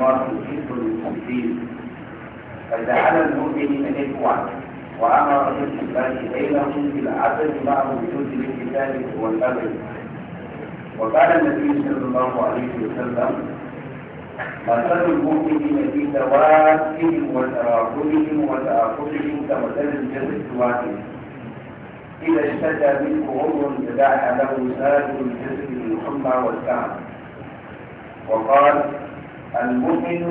مرض يحب المسلمين على المؤمن ان إخوة وأمر بالإسلام بينهم بالعدل مع وجود الكتاب والأمل وقال النبي صلى الله عليه وسلم مثل المؤمنين في توافهم وتراكمهم وتآخذهم كمثل الجسد الواحد إذا اشتكى منه عضو تداعى له سائر الجسد الحمى والكعب وقال المؤمن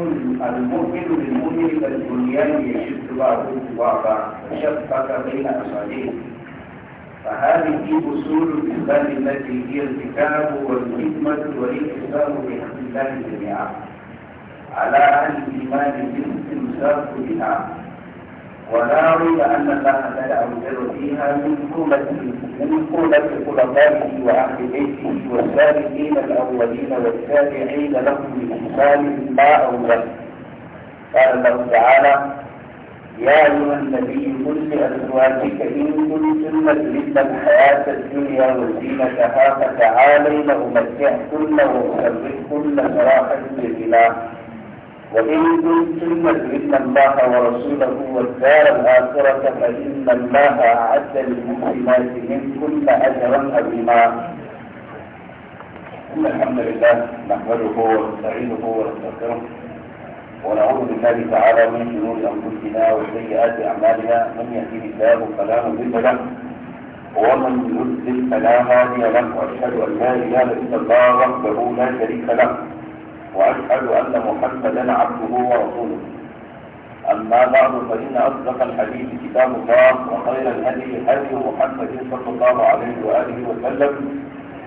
المؤمن للمؤمن كالبنيان يشد بعضه بعضا وشبك بين اصابعه فهذه اصول الاسلام التي هي الكتاب والحكمه والاحسان بحمد الله جميعا على اهل الايمان بالاستمساك بها ولا ريب أن الله بدأ البر فيها من قوة من قوة خلفائه وأهل بيته والسابقين الأولين والتابعين لهم بإحسان ما أوله قال الله تعالى يا أيها النبي قل لأزواجك إن كنتن تردن الحياة الدنيا وزينتها فتعالين أمتعكن وأسرحكن سراحا جميلا وإن كنتن تردن الله ورسوله والدار الآخرة فإن الله أعد للمسلمات من كل أجرا عظيما إن الحمد لله نحمده ونستعينه ونستغفره ونعوذ بالله تعالى من شرور أنفسنا وسيئات أعمالنا من يهديه الله فلا مضل له ومن يضلل فلا هادي له وأشهد أن لا إله إلا الله وحده لا شريك له وأشهد أن محمدا عبده ورسوله أما بعد فإن أصدق الحديث كتاب الله وخير الهدي هدي محمد صلى الله عليه وآله وسلم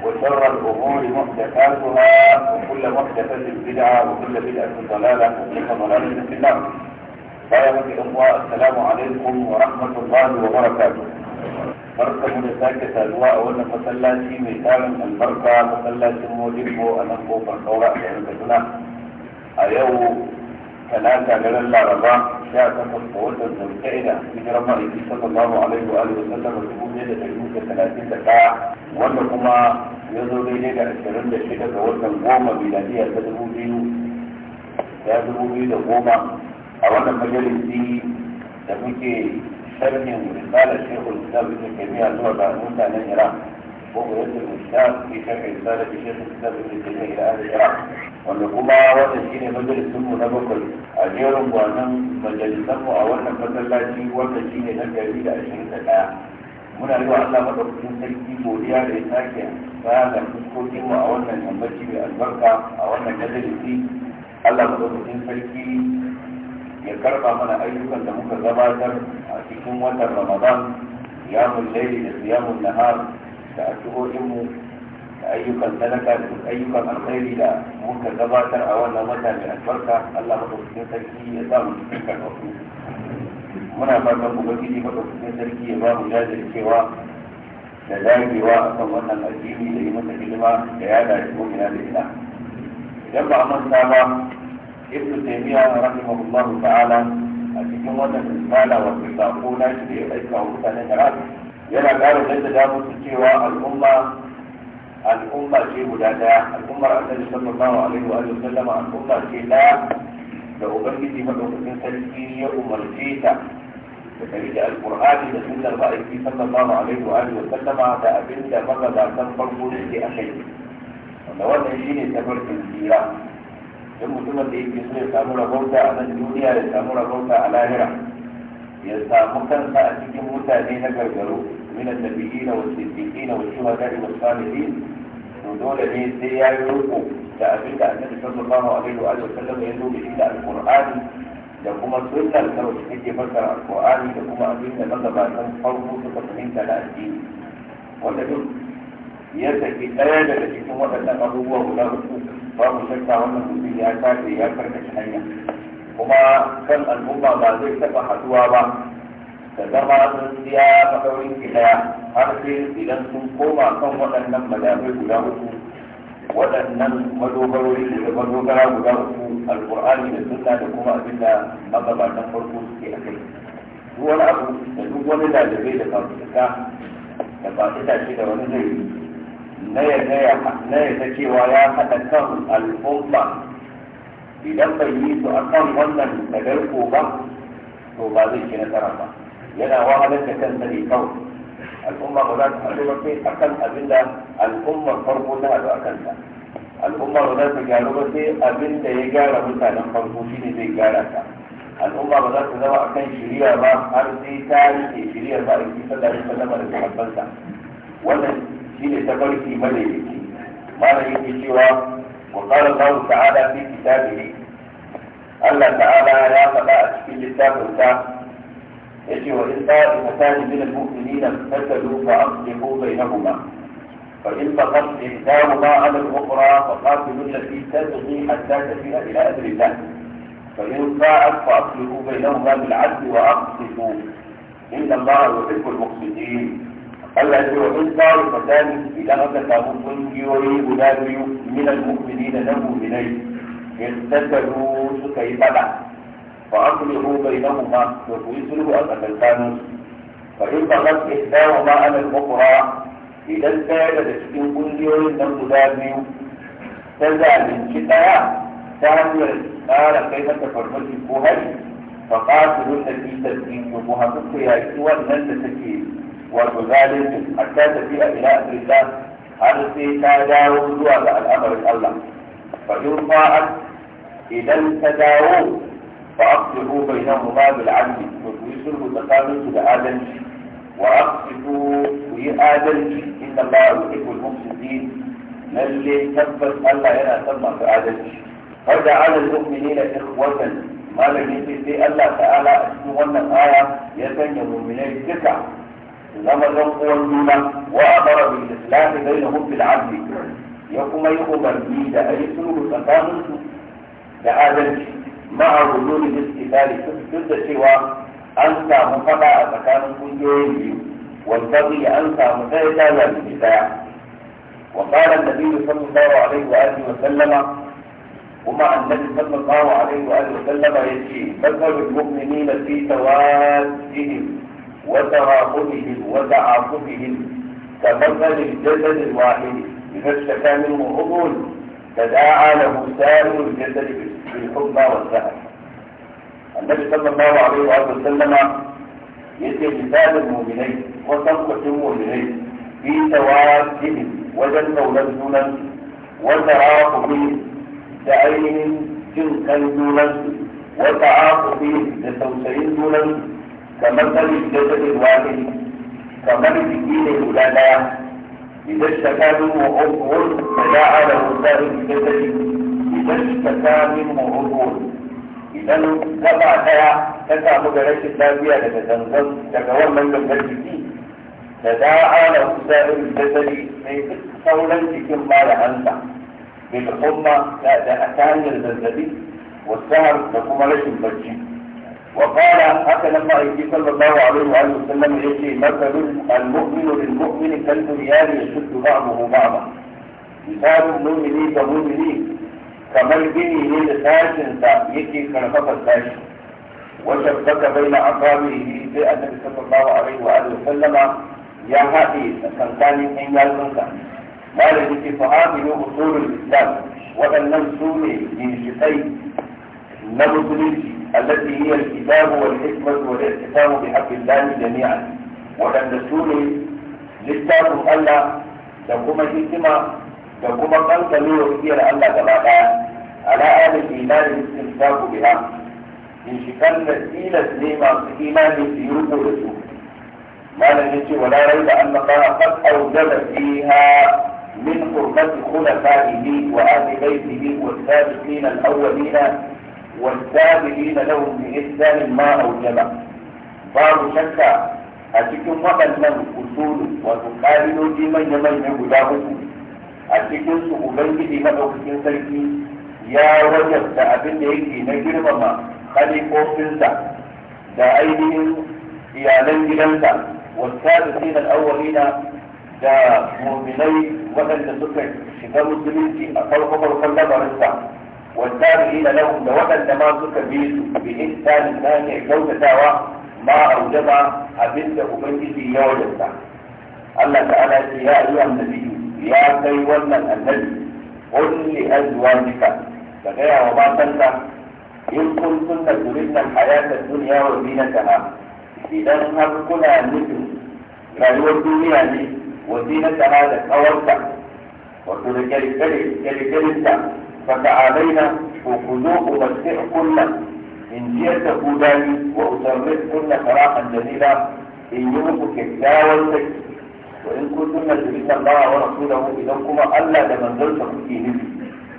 وشر الأمور محدثاتها وكل محدثة بدعة وكل بدعة ضلالة وكل ضلالة في النار. فيا الإخوة السلام عليكم ورحمة الله وبركاته. barka da sake saduwa a wannan masallaci mai tarin albarka masallacin mojibbo a nan kofar saura a yanzu kaduna a yau talata garin laraba sha takwas ga watan zulkaida hijirar ma'aiki sallallahu alaihi wa alihi wasallam dubu biyu da ɗari da talatin da ɗaya wanda kuma ya zo daidai da ashirin da shida ga watan goma miladiya ta dubu biyu ta dubu biyu da goma a wannan majalisi da muke sharhin risalar shekul islam ibn taymiya zuwa ga mutanen iraq ko ko yadda mishaf fi sharhin risalar shekul da ibn taymiya ila ahli iraq wanda kuma wannan shine majalisun mu na bakwai a jerin gwanan majalisan mu a wannan masallaci wanda shine na gari da ashirin da ɗaya muna yi wa Allah madaukakin sarki godiya da ya sake bayanan fuskokin mu a wannan yammaci mai albarka a wannan majalisi Allah madaukakin sarki ya karba mana ayyukan da muka gabatar a cikin watan ramadan yamun laili da siyamun nahar da addu'o'inmu da ayyukan sadaka da ayyukan alkhairi da muka gabatar a wannan wata mai albarka Allah madaukakin sarki ya sa mu cikin karfafu muna fatan ubangiji madaukakin sarki ya ba mu jajircewa da dagewa a kan wannan addini da yi masa hidima da yada shi ko da ina idan ba a manta ba ابن تيمية رحمه الله تعالى أتكلم عن المال والمتاقون في إيكا وفتن إيراد يلا قالوا جيدا دابوا تتيوى الأمة الأمة جي مدادة الأمة رأسل صلى الله عليه وآله وسلم الأمة شيء لا لأبنك دي من أمة من سلسي يا أمة الجيدة فتريد القرآن لسنة الرأيكي صلى الله عليه وآله وسلم دا أبنك مرة دا تنفرقون لأخي ونوان عيشيني تبرك الزيرا don mutumin da yake so ya samu rabauta a nan duniya ya samu rabauta a lahira ya samu kansa a cikin mutane na gargaro min annabiyina wa siddiqina wa shuhada'i wa salihin to dole ne sai ya yi roƙo da abin da annabi sallallahu alaihi wa sallam ya zo da shi da alqur'ani da kuma sunnar da wacce take fassara alqur'ani da kuma abin da magabatan farko suka fahimta da addini wanda duk ya saki ɗaya daga cikin waɗannan abubuwa guda uku babu shakka wannan mutum ya tafi ya karkace hanya kuma kan al'umma ba zai taɓa haduwa ba da zama sun siya maɗaurin ki ɗaya har sai idan sun koma kan waɗannan madafai guda uku waɗannan madogarori da madogara guda uku alƙur'ani da sunna da kuma abin da magabatan farko suke a kai duk wani abu da duk wani lalabai da fafutuka da fafuta shi da wani zai yi na yarda cewa ya haɗa kan al'umma idan bai yi su a kan wannan da tagarko ba to ba zai ci nasara ba yana wahalar da kansa ne kawai al'umma ba za ta haɗu ba sai a kan abin da al'ummar farko ta haɗu a kanta al'umma ba za ta gyaru ba sai abin da ya gyara mutanen farko shi ne zai gyara ta al'umma ba za ta zama a kan shirya ba har sai ta rike shirya ba a yi sallah da sallama da sahabbansa wannan shine tafarki madaidaici malam yake cewa wa qala Allah ta'ala fi kitabihi Allah ta'ala ya faɗa a cikin littafin sa yace wa in ta'ifatan min al-mu'minina fatalu fa aslihu bainahuma فإن بغت إحداهما على الأخرى فقاتلوا التي تبغي حتى تفيء إلى أمر الله فإن فاءت فأصلحوا بينهما بالعدل وأقسطوا إن الله يحب المقسطين Allah ya wa in tsaro fasali idan aka samu kungiyoyi guda biyu min al-mu'minina na mu'minai yattakalu suka yi fada fa aslihu bainahuma wa ku yi sulhu a tsakankanin fa in faqat ihdahuma ala al-ukhra idan ɗaya daga cikin kungiyoyin nan guda biyu ta zalunci ɗaya ta hanyar tsara kai mata farmaki ko hari fa qatilu allati tasbihu wa hakuku yaki wannan da take وكذلك حتى تجيء الى امر الله في تداوز على الامر الله فيرفع اذا تداووا فاقصدوا بينهما بالعدل وتوصل المتقابل الى ادم واقصدوا في ادم ان الله يحب المفسدين للي كبر الله هنا سمى في ادم فجعل المؤمنين اخوه ما لم يكن في الله تعالى اسمه ان الايه من المؤمنين إنما الرب والدولة وأمر بالإسلام بينهم بالعدل يقوم يقبل به أيسر سلوك التقامل لهذا الشيء مع gudun da suke سوى أنت da cewa an والبغي أنت تعمدها لا وقال النبي صلى الله عليه وآله وسلم ومع النبي صلى الله عليه وآله وسلم يجي مثل المؤمنين في توادهم وتراقبهم وتعاطفهم كمثل الجسد الواحد إذا اشتكى منه عضو تداعى له سائر الجسد بالحب والسهر النبي صلى الله عليه وآله وسلم يتي مثال المؤمنين وصفقة المؤمنين في توادهم وجن ولدنا وتراقبهم كعين جنكا دونهم وتعاقبهم لتوسعين دون كمثل الجسد الواحد كمثل الدين الولاده إذا اشتكى منه عضو تداعى له سائر الجسد إذا اشتكى منه عضو إذا تبع تاع تتعب جريش الثانية لتتنزل تتولى من الجسد تداعى له سائر الجسد قولا كما لا أنت بالحمى لا ده أتاني والسهر لكم ليش البجي وقال حتى لما يجي صلى الله عليه وآله وسلم يجي مثل المؤمن للمؤمن كالبنيان يشد بعضه بعضا مثال المؤمنين كمؤمنين كما يبني للساج انت يكي كنفط الساج وشبك بين أقامه بيئة صلى الله عليه وآله وسلم يا هادي سنتاني حين يالكنك ما لديك فآمنوا أصول الإسلام وأن نمسوني من جسيد نمسوني التي هي الكتاب والحكمة والاعتفاق بحق الله جميعا وكان رسولي للتاب قال له تقوم جسما تقوم قلت له وكير ألا تبقى على آل الإيمان الاستمتاق بها إن شكال مسئلة لما في إيمان سيوك رسول ما نجدش ولا ريب أن قال قد أوجد فيها من قربة خلفائه وآل بيته والسابقين الأولين والسابقين لهم بإحسان ما أوجب babu shakka a cikin waɗannan usulu wato ƙa'idoji manya-manya guda uku a cikin su ubangiji maɗaukakin sarki ya wajabta abin da yake na girmama khalifofinsa da ainihin iyalan gidansa wasa da sinan awwalina da muminai waɗanda suka shiga musulunci a farko-farkon labarinsa والتابعين لهم لوطن لما سكر بيسو بإنسان الثاني جودة دعوة ما أوجب أبنت أبنتي يوجد الله تعالى يا أيها النبي يا كيوان النبي قل لأزواجك فغير وما تنسى إن كنتن تريدن الحياة الدنيا وزينتها إذا هل كنا نجم rayuwar duniya ne wazinata da kawarta wato da kyalkyalinta فتعالينا وخذوه ومسئكن إن جئت كوداني كل فراحا جميلا إن يومك كتاوى وإن كنتن تريد الله ورسوله إذا ألا لمن ذلت نبي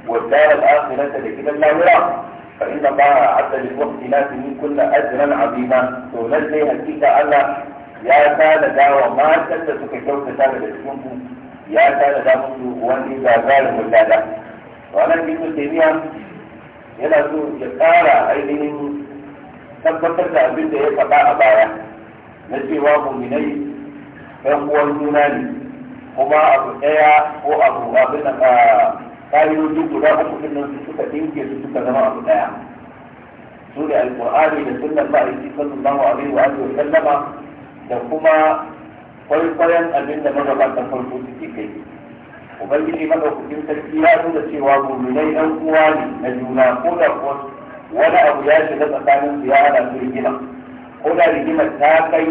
والدار الآخرة لا اللاهرة فإن الله أعد للمحسنات من كل أجرا عظيما تولدي هكيك ألا يا كان داوى ما كنت تكتوك تابع لكم يا كان داوى وأن إذا ظالم اللالا wannan ibn taymiya yana so ya ƙara ainihin tabbatar da abin da ya faɗa a baya na cewa muminai ɗan uwan juna ne kuma abu ɗaya ko abu abin da kayoyi guda uku din nan suka dinke su suka zama abu ɗaya su da alƙur'ani da sunnan ma'aiki sallallahu alaihi wa alihi wa sallama da kuma kwaikwayon abin da magabatan farko suke kai ubangiji madaukakin sarki ya nuna cewa muminai ɗan uwa ne na juna ko da kuwa wani abu ya shiga tsakanin su ya hada su rigima ko da rigima ta kai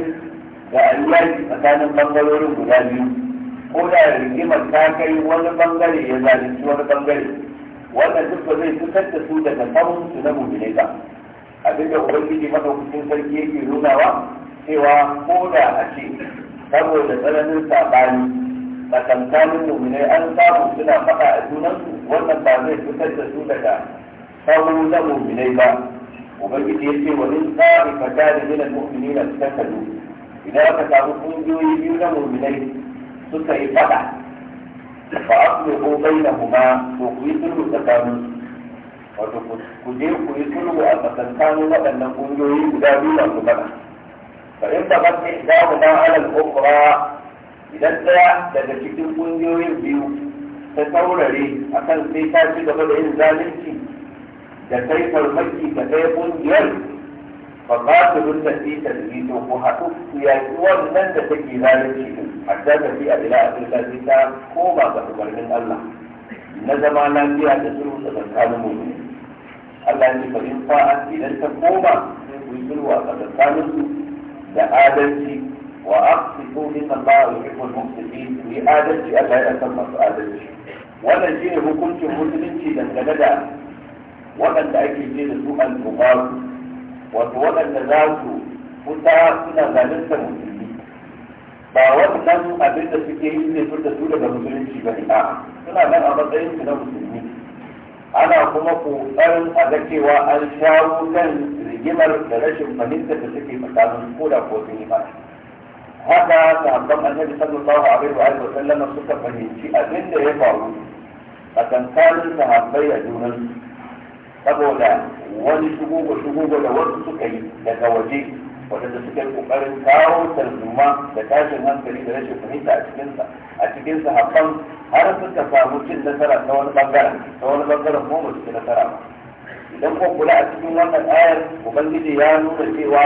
ga aliyaki tsakanin bangarorin guda biyu ko da rigima ta kai wani bangare ya zalunci wani bangare wannan duk ba zai fitar da su daga samun su na muminai ba abinda ubangiji madaukakin sarki yake nunawa cewa ko da a ce saboda tsananin saɓani tsakankanin mummunai an samu suna faɗa a junansu wannan ba zai fitar da su daga sauro na mummunai ba ubangiji ya ce wani tsari fata da gina mummuni na fitar cikin kado idan aka samu ƙungiyoyi biyu na mummunai suka yi faɗa Ba fa aslihu bainahuma to ku yi sulhu tsakanin wato ku je ku yi sulhu a tsakankanin waɗannan ƙungiyoyi guda biyu masu faɗa fa in ba ba ihdahu ma ala al-ukhra idan ɗaya daga cikin ƙungiyoyin biyu ta taurare a kan sai ta ci gaba da yin zalunci da kai farmaki ga ɗaya ƙungiyar ba ba su runda fi ta ko haɗu su yaƙi wannan da take zalunci a ta fi a ila a turka sai ta koma ga umarnin Allah na zama lafiya da sulhu da tsakanin mu Allah ne fa in fa'a idan ta koma sai ku yi a tsakanin su da adalci واقصدوا ان الله يحب المحسنين في ادلتي الا يأتم في ادلتي wannan shi hukuncin musulunci dangane da waɗanda ake ce su al-bukhari wato waɗanda za su fita suna zalunta musulmi ba waɗannan abinda da suke yi ne fita su daga musulunci ba a suna nan a matsayin su na musulmi ana kuma ƙoƙarin a ga cewa an shawo kan rigimar da rashin fahimtar da suke tsakanin ko da sun yi ba haka sahabban annabi sallallahu alaihi wa sallama suka fahimci abin da ya faru a tsakanin sahabbai a junan saboda wani shugugo shugugo da wasu suka yi daga waje wadanda suka yi kokarin kawo tarzuma da tashin hankali da rashin fahimta a cikinsa a cikin sahabban har suka samu cin nasara ta wani bangaren ta wani bangaren ko ba su nasara ba idan ko kula a cikin wannan ayar ubangiji ya nuna cewa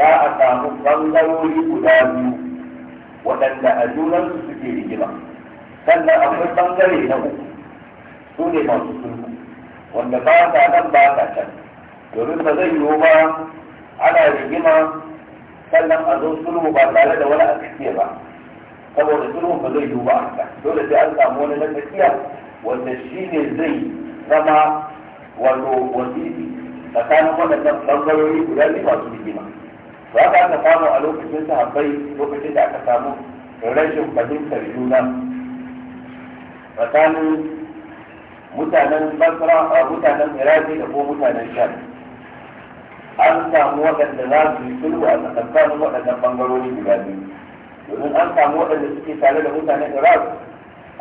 za a samu bangarori guda biyu waɗanda a junansu suke rigima sannan akwai bangare na uku su ne masu sulhu wanda ba sa nan ba sa can domin ba zai yiwu ba ana rigima sannan a zo sulhu ba tare da wani a tsakiya ba saboda sulhu ba zai yiwu ba a kan dole sai an samu wani na tsakiya wanda shi ne zai zama wato wasiti tsakanin waɗannan bangarori guda biyu masu rigima ba ka aka samu a lokacin sahabbai lokacin da aka samu rashin fahimtar juna tsakanin mutanen basra a mutanen iraki da ko mutanen sham an samu waɗanda za su yi sulhu a tsakanin waɗannan bangarori guda biyu domin an samu waɗanda suke tare da mutanen iraq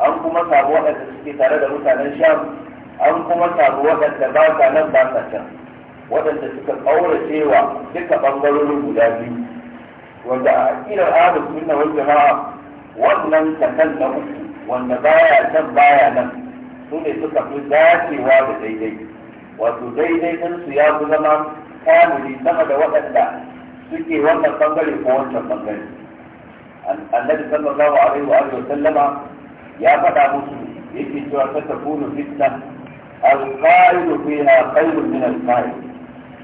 an kuma samu waɗanda suke tare da mutanen sham an kuma samu waɗanda ba sa nan ba sa can waɗanda suka ƙaurace wa duka ɓangarorin guda biyu wanda a aƙidar ahlus sunna wal jama'a wannan kasan na uku wanda baya can baya nan su ne suka fi dacewa da daidai wato daidai ɗin su ya fi zama kamuli sama da waɗanda suke wannan ɓangare ko wancan ɓangare annabi sallallahu alaihi wa alihi wa sallama ya faɗa musu yake cewa ta takunu fitna al-qailu fiha khairun min al-qa'id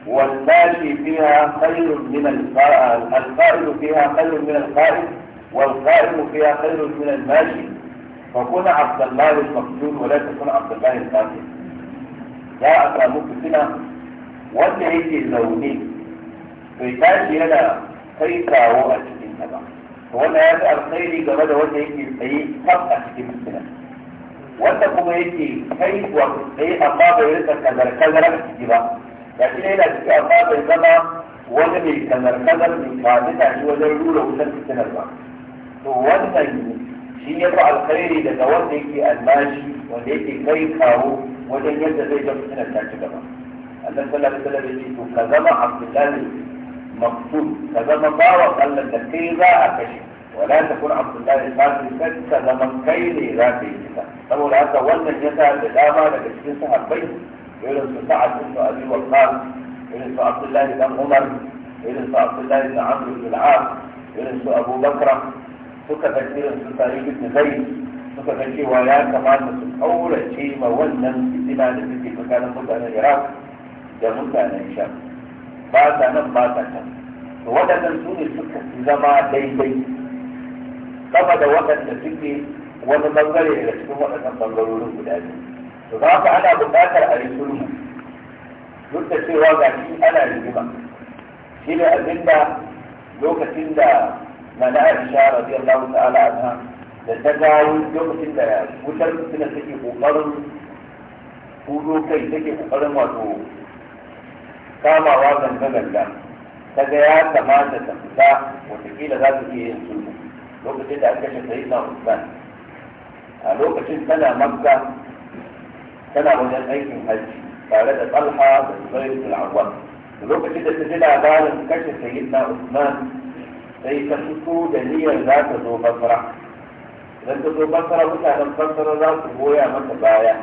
والماشي فيها خير من القائد فيها خير من القائد والقائد فيها خير من الماشي فكون عبد الله المقتول ولا تكون عبد الله القاتل لا أكرمك فينا وجهك اللوني في تاج أنا كيف هو أشكي سبع وانا يدا الخير جمد وجهك الأي قد أشكي مثلا وانا كم يدي كيف وقت أي أطاب يدا إيه؟ كذلك كذلك ga shi ne yana ciki amma bai zama wani mai kazar-kazar mai kwaji ta shi wajen rura wutar fitinar ba to wannan shi ya fi alkhairi daga wanda yake albashi wanda yake kai kawo wajen yadda zai ga fitinar ta ci gaba Allah sallallahu alaihi wasallam ya ce to ka zama abdullahi maqtul ka zama bawan Allah da kai za a kashe Wala ولا تكون عبد الله kai ne za كيلي yi kisa saboda haka wannan ya sa da dama daga cikin sahabbai إلى سعد بن أبي وقال إلى عبد الله بن عمر إلى عبد الله بن عمرو بن العاص إلى استطاعة أبو بكر سكت كثير في تاريخ ابن زيد سكت في الروايات كما أن أول شيء مولنا في زمان الفتي فكان مدة أنا العراق يمد أنا هشام بعد أنا بعد أنا ودى تنسوني سكت في زمان بين بين قبض وقت لفتي ونبنغري إلى شكو وقت أن بنغروا له بلادي to za ka ana buƙatar a yi sulhu duk da cewa ga shi ana rigima shi ne abinda lokacin da mana aisha radiyallahu ta'ala anha da ta gawo lokacin da wutar fitina take kokarin hudo kai take kokarin wato kamawa ganga ganga ta ga ya kamata ta fita watakila za su iya yin sulhu lokacin da aka kashe sayyidina usman a lokacin tana makka كان هنا ايه الحج فعلاد طلحة بالصير من العوام ولو كده تجد عبارة مكشف سيدنا عثمان اي تشكو دنيا لا تزو بصرة لن تزو بصرة بس على البصرة لا تبويا ما تبايا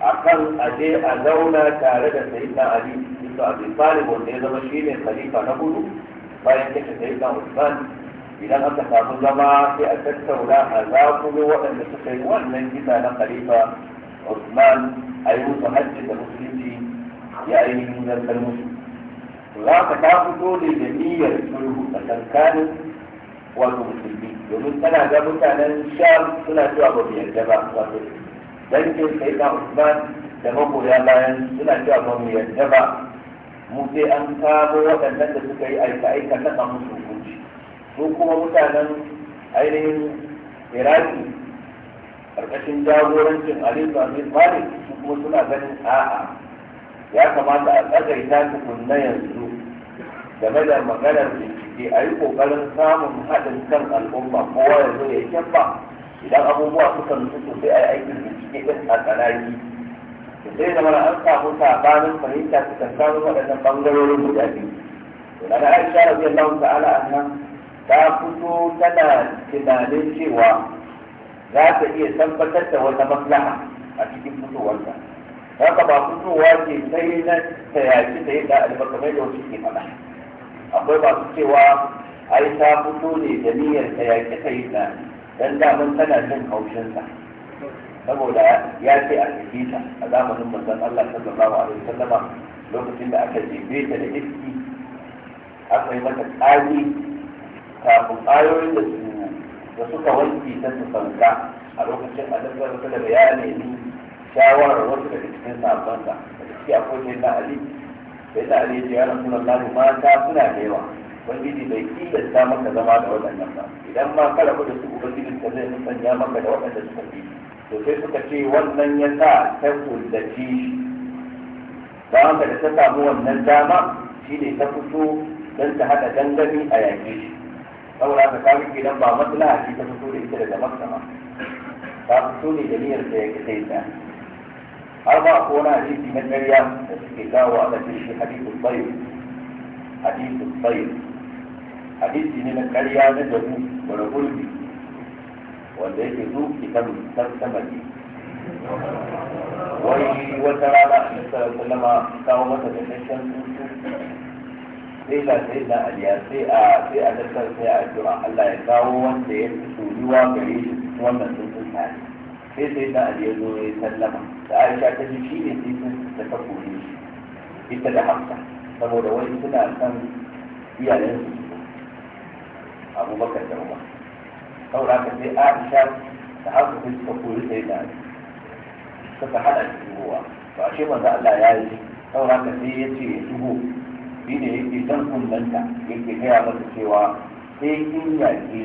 عقل اجي ازولا كعلاد سيدنا علي انتو ابي طالب وانتو ايضا مشيل الخليفة نبولو فاين كشف سيدنا عثمان إذا أنت تفاهم لما في أسدت ولا حذاكم وأن تخيوان من جدا لخليفة Usman a yi musu يا da musulunci ya yi zartar musu za ka ta fito ne da niyyar sulhu a tsakanin wato musulmi domin tana ga mutanen sha suna cewa ba yarda ba wato Usman da magoya bayan suna an kamo waɗannan da suka yi aika-aika na ɗan musulunci su kuma mutanen ainihin iraki karkashin jagorancin Aliyu Amir malik su kuma suna ganin a'a ya kamata a tsagaita na yanzu game da maganar bincike a yi kokarin samun haɗin kan al'umma kowa ya zo ya kyanfa idan abubuwa suka nufi sosai a yi aikin bincike ɗin a tsanani da sai zama an samu sabanin fahimta su kan samu waɗannan ɓangarorin guda biyu da na aisha rabiyallahu ta'ala nan ta fito tana tunanin cewa za ka iya tabbatar da wata maslaha a cikin fitowarsa haka ba fitowa ce sai na tayaki da yadda albarkamai da wasu ke faɗa akwai masu cewa ai ta fito ne da niyyar tayaki ta yi na dan daman tana jin haushinsa saboda ya ce a cikin ta a zamanin manzon Allah sallallahu alaihi wasallama lokacin da aka jefe ta da iski aka yi mata tsari kafin ayoyin da su da suka wanke ta su sauka a lokacin annabi sallallahu alaihi wasallam ya nemi shawarar wasu daga cikin sahabbansa da ciki akwai sai na ali sai da ali ya ce ya rasulullahi mata suna da yawa ubangiji bai tilasta maka zama da waɗannan ba idan ma kala da su ubangiji ka zai sanya maka da waɗanda suka fi to sai suka ce wannan ya sa ta kullace shi da haka da ta samu wannan dama shi ne ta fito don ta haɗa dangane a yaƙe shi saboda haka kawo ke nan ba maslaha ce ta fito da ita daga makka ba ta fito ne da niyyar da ya kai ta har ba ko na hadisi na ƙarya da suke kawo a ƙasar shi hadisul bayu hadisul bayu hadisi ne na ƙarya na dabu wani gurbi wanda yake zo kan tattamaki wai wata rana a cikin sallama kawo masa da sashen tutu sai sai na aliya sai a sai a dakar sai a addu'a Allah ya kawo wanda ya fi soyuwa gare shi wannan sun sun tare sai sai na aliya zo ya sallama da aisha ta ji shi ne sai sun da ta kore shi ita da hafsa saboda wani suna son iyayen su abubakar da umar saboda haka sai aisha da hafsa sai suka kore sai na suka hada shi ruwa to ashe manzo Allah ya yi saboda haka sai ya ce ya shigo shi ne yake jan kullanta yake gaya masa cewa sai kin yaƙe shi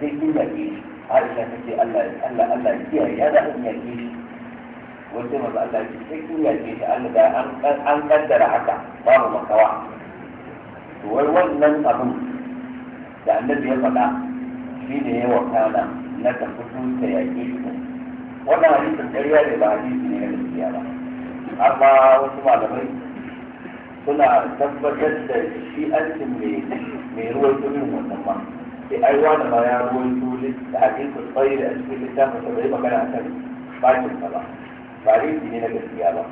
sai kin yaƙe shi aisha ta ce allah allah allah kiyaye ya da in yaƙe shi wanda maza allah ce sai kin yaƙe shi allah da an kaddara haka babu makawa to wai wannan abin da annabi ya faɗa shi ne ya wakana na tafi fito ta yaƙe shi wannan hadisin ƙarya ne ba hadisi ne na gaskiya ba amma wasu malamai suna tabbatar da shi aikin mai ruwan irin wannan ma sai ai wani ma ruwan tuli da hadisul tsayi da cikin littafin sa bai magana akan bakin sa ba ba rinji ne na gaskiya ba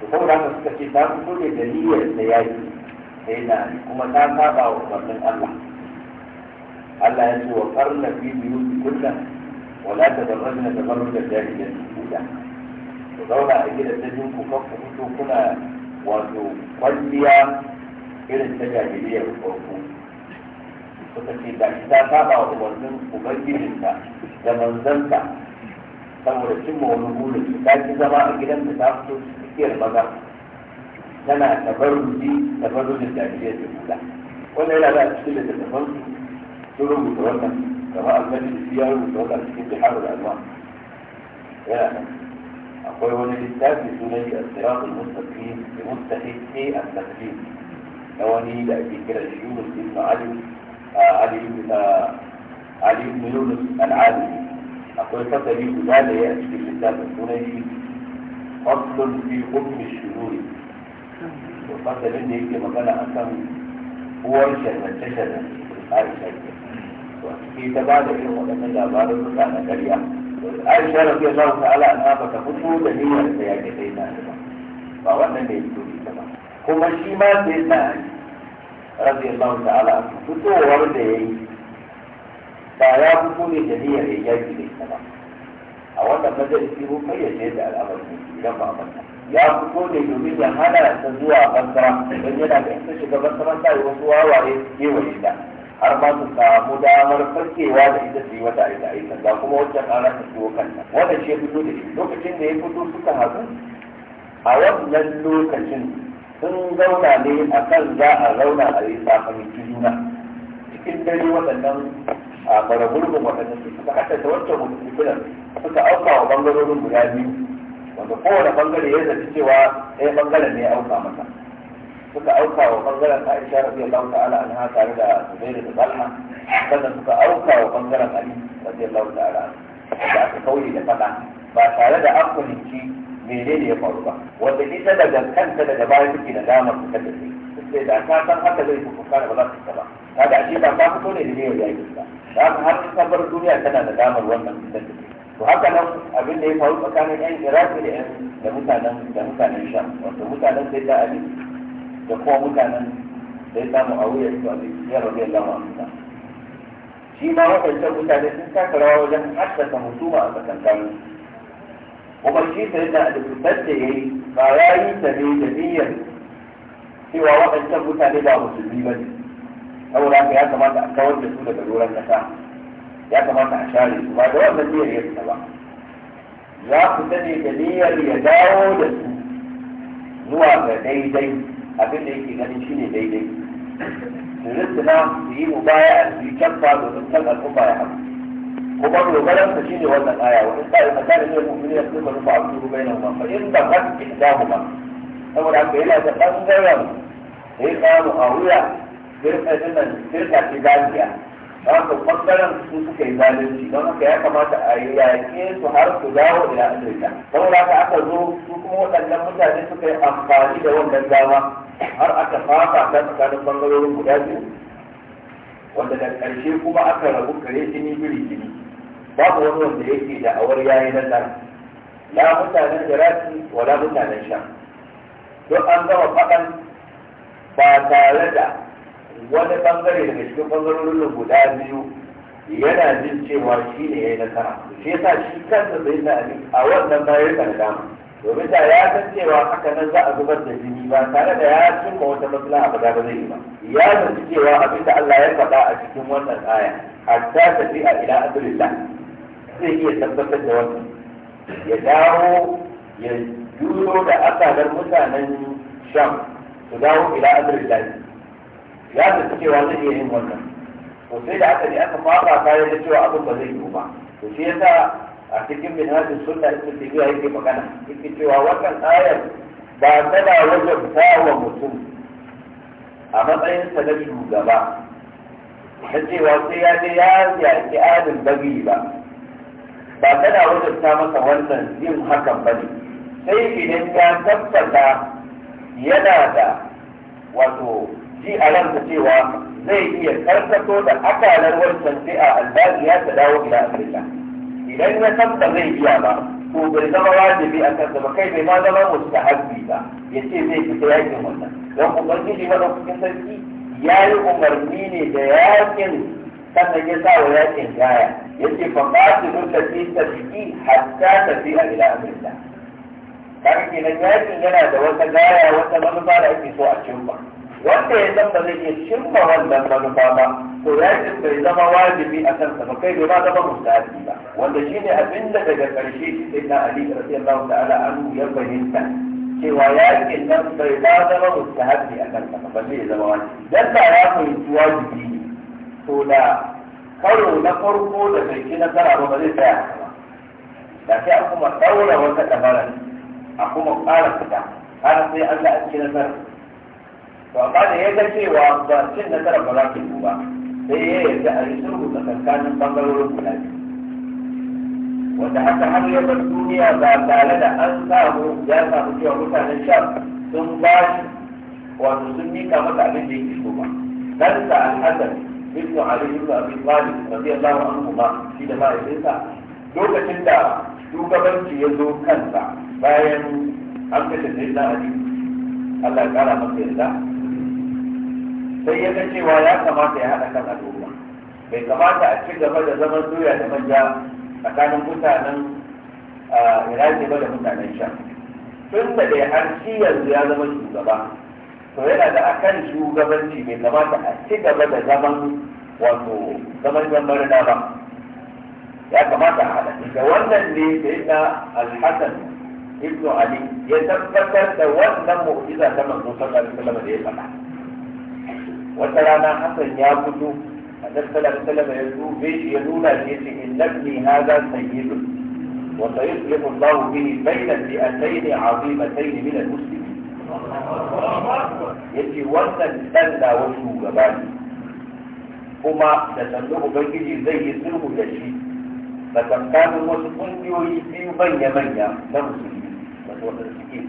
to saboda haka suka ce ta fito ne da niyyar da ya yi sai na kuma ta saba wa umarnin Allah Allah ya ce wa karna fi biyu kunna wala tabarrajna tabarruj al-jahiliyyah al-ula to zauna a gidan dajin ku kan ku fito kuna wato kwalliya irin ta jahiliyar farko suka ce da shi ta saba wa umarnin ubangijinta da manzanta saboda cimma wani burin ta ci zama a gidan da ta fito tsakiyar maza tana tabarruji tabarrujin jahiliyar da kula wannan yana da cikin da tafansu sun rubuta wannan kama almajin ya rubuta wannan cikin jihar da alwa yana ويستبدل ذلك الصراط المستقيم بمستحق التسليم قوانين ذكر يونس بن علي آه، علي بن آه، علي بن يونس العالمي أقول فتريد لا يأتي في الكتاب الثنائي فصل في حكم الشهور وفصل إن هيك ما كان أسمى هو الشهر الشهر الشهر الشهر وفي تبعد إيه وقت من الأبار المتعنى كريم aisha rafi Allah ta'ala na baka fito da niyyar da yake sai na ba wannan da yake ita ba kuma shi ma sai na rafi Allah ta'ala fitowar da yayi ba ya fito ne da niyyar ya yaki da ita ba a wannan majalisi mun fayyace da al'amari idan ba manta ya fito ne domin ya hana ta zuwa basra don yana da ita shiga basra ta yi wasu wawaye shi ta har ba su samu damar farkewa da ita su yi wata aika aika ga kuma wacce ana ta ciwo kanta wannan shi ya fito da shi lokacin da ya fito suka haɗu a wannan lokacin sun zauna ne a kan za a zauna a yi sakamaki juna cikin dare waɗannan a maraburbin waɗannan su suka haɗa da wancan hukumar suka auka wa ɓangarorin guda biyu wanda kowane ɓangare ya zaci cewa ɗaya ɓangaren ne ya auka masa suka auka wa bangaren Aisha radiyallahu ta'ala anha tare da Zubairu da Talha sannan suka auka wa bangaren Ali radiyallahu ta'ala da aka kauri da fada ba tare da an kulinci menene ya faru ba wanda ita daga kanta daga baya take da damar su da shi sai da ka san haka zai fi kuka da ba za su fita ba kaga ashe ba ka fito ne da niyyar yakin ba da haka har ta bar duniya tana da damar wannan fitar da shi to haka nan abin da ya faru tsakanin yan iraki da yan da mutanen da mutanen sham wato mutanen sai da ali da kuma mutanen da ya samu a wuyar su a ya rabu ya lamu amsa shi ma waɗancan mutane sun taka rawa wajen haddasa musuma a tsakankanin kuma shi sai da alifitar da ya yi ba ya yi ta ne da niyyar cewa waɗancan mutane ba musulmi ba ne saboda haka ya kamata a kawar da su daga doron ƙasa ya kamata a share su ba da wannan niyyar ya fita ba ya fita ne da niyyar ya dawo da su zuwa ga daidai abin da yake ganin shine daidai rizna su yi mu baya su yi canfa domin kan al'umma ya haɗu kuma dogaran su shine wannan aya wa in ta'ala masalin yau mu'mini ya tsufa ba a turu bai nan fa in da kan ba saboda haka yana da ɓangaren da ya samu a wuya firka dinan firka ce gajiya haka bangaren su suka yi zalunci don haka ya kamata a yi yaƙe su har su dawo ila amurka saboda haka aka zo su kuma waɗannan mutane suka yi amfani da wannan dama har aka fafa ta tsakanin bangarorin guda biyu wanda da ƙarshe kuma aka rabu kare jini biri jini babu wani wanda yake da awar yayi na nan la mutanen jiraki wala mutanen sha don an gama faɗan ba tare da wani bangare daga cikin bangarorin nan guda biyu yana jin cewa shi ne ya yi nasara shi yasa shi kansa sai da ali a wannan bayan kankama domin da ya san cewa haka nan za a zubar da jini ba tare da ya cimma wata maslaha ba ba zai yi ba ya san cewa abin da Allah ya faɗa a cikin wannan aya hatta tafi a ila abdullah zai iya tabbatar da wannan ya dawo ya juyo da asalar mutanen sham su dawo ila abdullah ya tafi cewa zai iya yin wannan to sai da aka je aka fara kayan da cewa abin ba zai yiwu ba to shi yasa a cikin minhajin sunna ibn tabiya yake magana yake cewa wannan ayar ba tana wajen wa mutum a matsayin matsayinsa na shugaba na cewa sai ya je ya yaƙi adin bagi ba ba tana ta masa wannan yin hakan ba ne sai idan ya tabbata yana da wato shi a ransa cewa zai iya karkato da akalar wancan fi'a ya ta dawo ila afirka idan ya san ba zai iya ba ko bai zama wajibi a kansa ba kai bai ma zama mustahabbi ba ya ce zai fita yakin wannan don ubangiji madaukakin sarki ya yi umarni ne da yakin sannan ya sa wa yakin gaya ya ce fa qatilu tafi tafi hatta tafi ila afirka kaga kenan yakin yana da wata gaya wata manufa da ake so a cimma wanda ya san ba zai iya cimma wannan manufa ba to yakin bai zama wajibi a kansa ba kai bai ma zama mustahabi ba wanda shine abin da daga karshe sai na ali radiyallahu ta'ala anhu ya fahimta cewa yakin nan bai ma zama mustahabi a kansa ba zai zama wajibi dan da ya fahimci wajibi ne to da karo na farko da bai ci nasara ba ba zai tsaya ba da sai a kuma daura wata dabara a kuma ƙara fita har sai Allah an ci nasara to amma da ya ga cewa ba cin nasara ba za ta yi ba sai ya yarda a yi sulhu tsakankanin bangarorin guda wanda haka har ya bar duniya ba tare da an samu ya samu cewa mutanen sham sun ba shi wato sun mika masa abin da yake so ba dan sa al-hasan ibnu ali ibn abi talib radiyallahu anhu ma shi da ma'aikinsa lokacin da shugabanci ya zo kansa bayan an kashe sayyidina ali Allah ya kara masa yarda sai ya ga cewa ya kamata ya haɗa kan al'umma bai kamata a ci gaba da zaman doya da manja tsakanin mutanen iraki ba da mutanen sha tun da dai har shi yanzu ya zama shugaba to yana da akan shugabanci bai kamata a ci gaba da zaman wato zaman zambarina ba ya kamata a haɗa da wannan ne da ya alhassan ibnu ali ya tabbatar da wannan mu'jiza ta manzo sallallahu alaihi wasallam da ya faɗa wata rana hasan ya fito annabi sallallahu alaihi wasallam ya dube shi ya nuna shi yace innabni hadha sayyidun wa sayuslihu Allahu bihi bayna fi'atayn 'azimatayn min al-muslimin yace wannan dan da wani shugaba ne kuma da sannu ubangiji zai yi sulhu da shi tsakankanin wasu kungiyoyi biyu manya-manya na musulmi wato wanda suke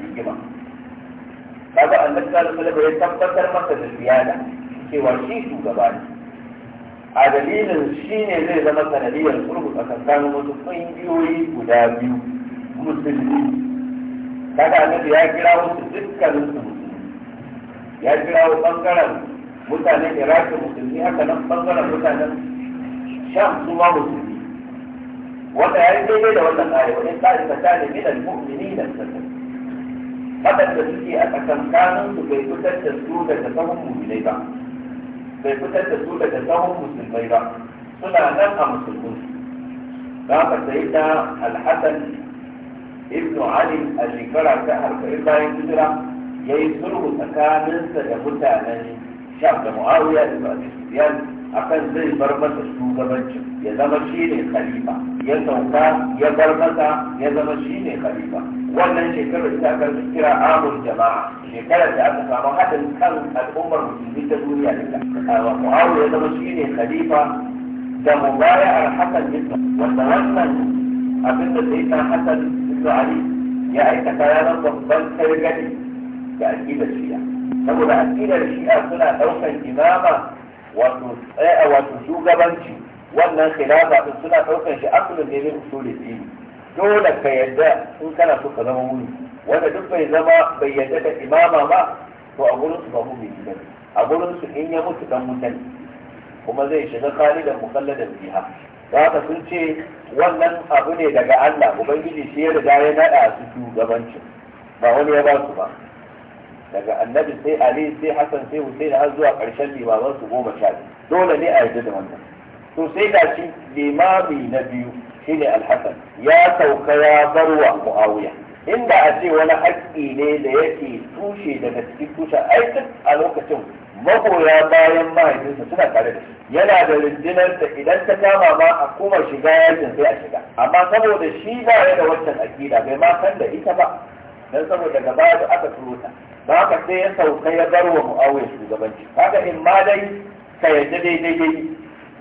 rigima kaga annabi sallallahu alaihi wasallam ya tabbatar masa da ziyada cewa shi shugaba ne a dalilin shi ne zai zama sanadiyar a tsakankanin wasu ƙungiyoyi guda biyu musulmi kaga annabi ya kira wasu dukkanin su ya kira wa bangaren mutanen iraki musulmi haka nan ɓangaren mutanen sham su ma musulmi wanda ya yi daidai da wannan ayyawa tsari ta isa ta ne minal mu'mini da sassan waɗanda suke a tsakankanin su bai fitar da su daga musulmai ba bai fitar da su daga musulmai ba suna nan a musulmin za ka sai da alhassan ibn ali a shekara ta arba'in bayan hijira ya yi sulhu tsakaninsa da mutanen شعب معاوية المؤسسيان أقدر برمتة سوغة بنج يزمشيني خليفة يزوكا يبرمتة يزمشيني خليفة وانا شكرا لتاكا مستراء عام الجماعة شكرا لتاكا محاد الكل الأمة المسلمين تدوني عليك ومعاوية آه، يزمشيني خليفة دمبايع الحسن جدا وتوسل أبنت سيدنا حسن بن علي يا أيك كيانا ضبط سيدنا يا أكيد الشيعة saboda aƙidar shi'a suna daukan imama wato tsaya eh, wato shugabanci wannan khilafa din suna daukan shi asalin ne ne usulul dini dole ka yadda in kana so ka zama muni wanda duk bai zama bai yadda da imama ba to a gurin su ba mu bai a gurin su in ya mutu dan mutan kuma zai shiga khalidan mukalladan fiha za ka sun ce wannan abu ne daga Allah ubangiji shi ya riga ya nada su shugabancin ba wani ya ba su ba daga annabi sai ali sai hasan sai husaini har zuwa ƙarshen limaman su goma sha dole ne a yarda da wannan to sai da shi limami na biyu shine alhassan ya sauka ya barwa muawiya inda a ce wani haƙƙi ne da yake tushe daga cikin tushen aikin a lokacin magoya bayan mahaifinsa suna tare da shi yana da rundunar da idan ta kama ma a kuma shiga yajin sai a shiga amma saboda shi ba ya da wancan akida bai ma san da ita ba dan saboda gaba da aka turo ta da sai ya sauka ya bar wa mu'awiya shugabanci haka in ma dai ka yadda daidai yayi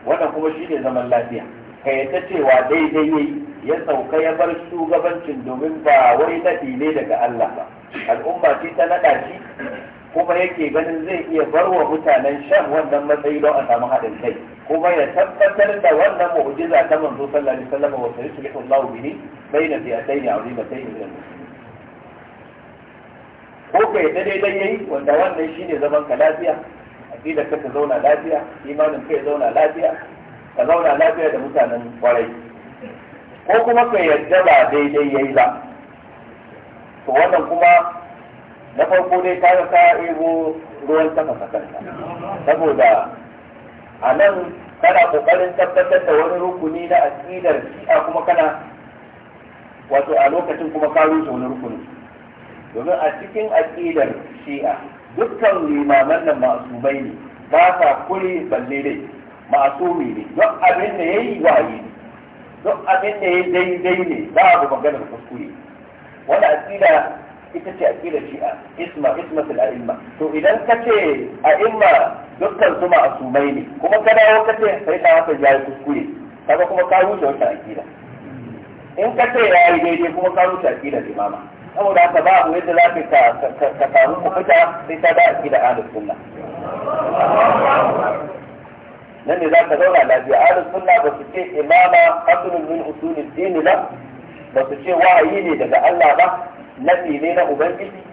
wannan kuma ne zaman lafiya ka yadda cewa daidai yayi ya sauka ya bar shugabancin domin ba wai naɗi ne daga Allah ba al'umma ce ta naɗa shi kuma yake ganin zai iya bar wa mutanen shan wannan matsayi don a samu haɗin kai kuma ya tabbatar da wannan mu'jiza ta manzo sallallahu alaihi wasallam wa sallallahu alaihi wasallam baina fi'atayn azimatay min al ko ka yadda daidai yayi wanda wannan shine zaman ka lafiya aqidar ka ta zauna lafiya imanin ka ya zauna lafiya ka zauna lafiya da mutanen kwarai ko kuma ka yadda ba daidai yayi ba to wannan kuma na farko dai ka ka ebo ruwan sama kanka saboda a nan kana kokarin tabbatar da wani rukuni na aqidar a kuma kana wato a lokacin kuma ka rushe wani rukuni domin a cikin aƙidar shi'a dukkan limaman nan bai ne ba sa kure balle dai masu ne duk abin da ya yi waye ne duk abin da ya daidai ne ba abu maganar kuskure wani aƙida ita ce aƙidar shi'a isma isma fil a'imma to idan ka ce a'imma dukkan su bai ne kuma ka dawo ka ce sai ka haka ya yi kuskure kaga kuma ka wuce wata aƙida in ka ce ya yi daidai kuma ka rusa da imama saboda haka ba abu yadda za ka ka samu kuɓuta sai ka da da ahlus sunna nan ne za ka zauna lafiya ahlus sunna ba su ce imama asulun min usulin dini ba ba su ce wahayi ne daga Allah ba nafi ne na ubangiji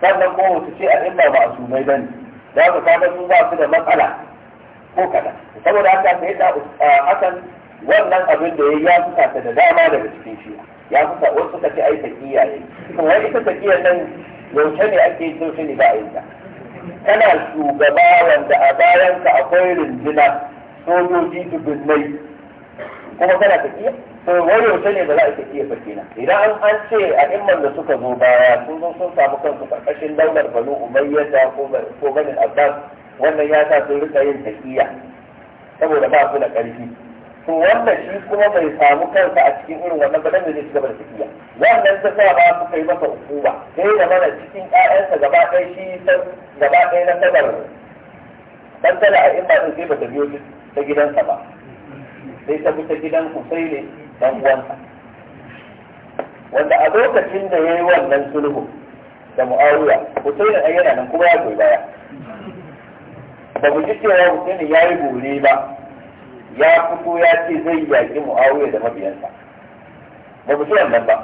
sannan kuma su ce al'umma ba su mai bane za ka kaga su ba su da matsala ko kada saboda haka sai da uh, akan wannan abin da ya ya fuka ta da dama daga cikin shi ya fuka wasu suka ce ai taqiya ne to wai ita taqiya nan yaushe ne ake yin yaushe ne ba a yi ta kana shugaba wanda a ka akwai rinjina sojoji dubunnai kuma kana taqiya to wani yaushe ne ba za a yi taqiya ba kenan idan an ce a imman da suka zo baya sun zo sun samu kansu karkashin daular banu umayyata ko bani abbas wannan ya sa sun rika yin taqiya saboda ba su da ƙarfi to wannan shi kuma bai samu kansa a cikin irin wannan ba dan da zai gaba da ya wannan da sa ba su kai masa hukuma sai da mana cikin ƴaƴansa gaba ɗaya shi san gaba ɗaya na sabar dan tana a in ba sun sai ba ta biyo ta gidansa ba sai ta gidan ta gidan ne dan uwansa wanda a lokacin da yayi wannan sulhu da Muawiya Husaini ai nan kuma ya goyi baya ba mu ji cewa ya yayi gore ba ya fito ya ce zai yaƙi mu'awiya da mabiyansa ba mu ci wannan ba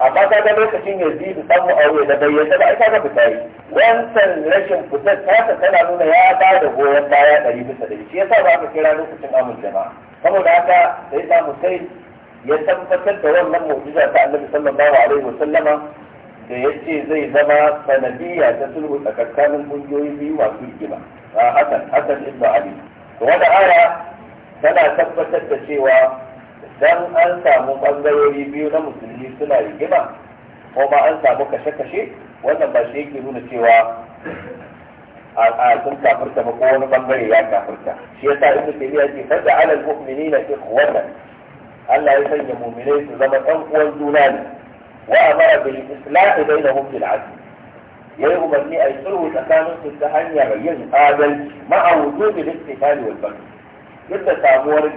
amma ta ga lokacin ya yazid dan mu'awiya da bayyana ba ai ka ga fita yi wancan rashin fitar ta tana nuna ya ba da goyon baya ɗari bisa ɗari shi ya sa ba aka kira lokacin amul jama'a saboda haka sai ta musai ya tabbatar da wannan mu'jiza ta annabi sallallahu alaihi wa sallama da ya ce zai zama sanadiyya ta sulhu tsakanin kungiyoyi biyu masu rigima a hasan hasan ibn ali wanda aya tana tabbatar da cewa dan an samu bangarori biyu na musulmi suna rigima ko ba an samu kashe-kashe wannan ba shi yake nuna cewa a sun kafirta ba ko wani bangare ya kafirta shi yasa ke taymiya ce fada alal ke ikhwatan Allah ya sanya mu'minai su zama ɗan uwan juna ne wa amara bil islahi bainahum bil adl yayi umarni a sulhu tsakanin su ta hanyar yin adalci ma'a wujudi al-istiqali wal baghl yadda samuwar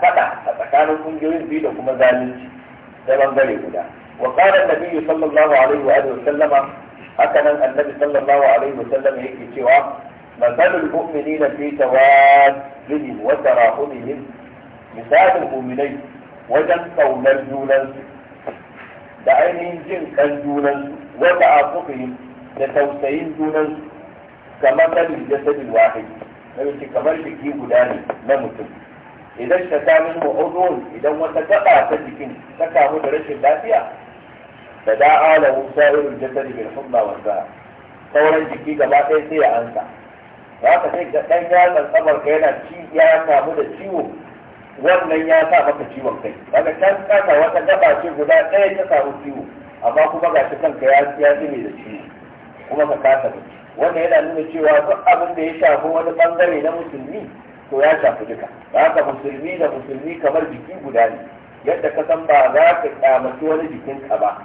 fada a tsakanin kungiyoyin biyu da kuma zalunci da bangare guda wa qala nabi sallallahu alaihi wa sallama haka nan annabi sallallahu alaihi wa sallama yake cewa masalul mu'minina fi tawaddihim wa tarahumihim misalul mu'minai wajen kaunar junan da ainihin jin kan junansu wa ta'afuqihim da tausayin junan kamar da jasadin wahid sai kamar jiki guda ne na mutum idan ta ta min mu'udun idan wata gaba ta jikin ta kamu da rashin lafiya da da'a la sa'irul jasadi bil humma wa za'a sauran jiki gaba ɗaya sai ya ansa za ka sai ga ɗan yatsan tsamar ka yana ci ya samu da ciwo wannan ya sa maka ciwon kai daga can kasa wata gaba ce guda ɗaya ta samu ciwo amma kuma ga shi kanka ya ya da ciwo kuma ka kasa bacci wannan yana nuna cewa duk abin da ya shafi wani bangare na musulmi to ya shafi duka Ba haka musulmi da musulmi kamar jiki guda ne yadda ka san ba za ka kyamaci wani ka ba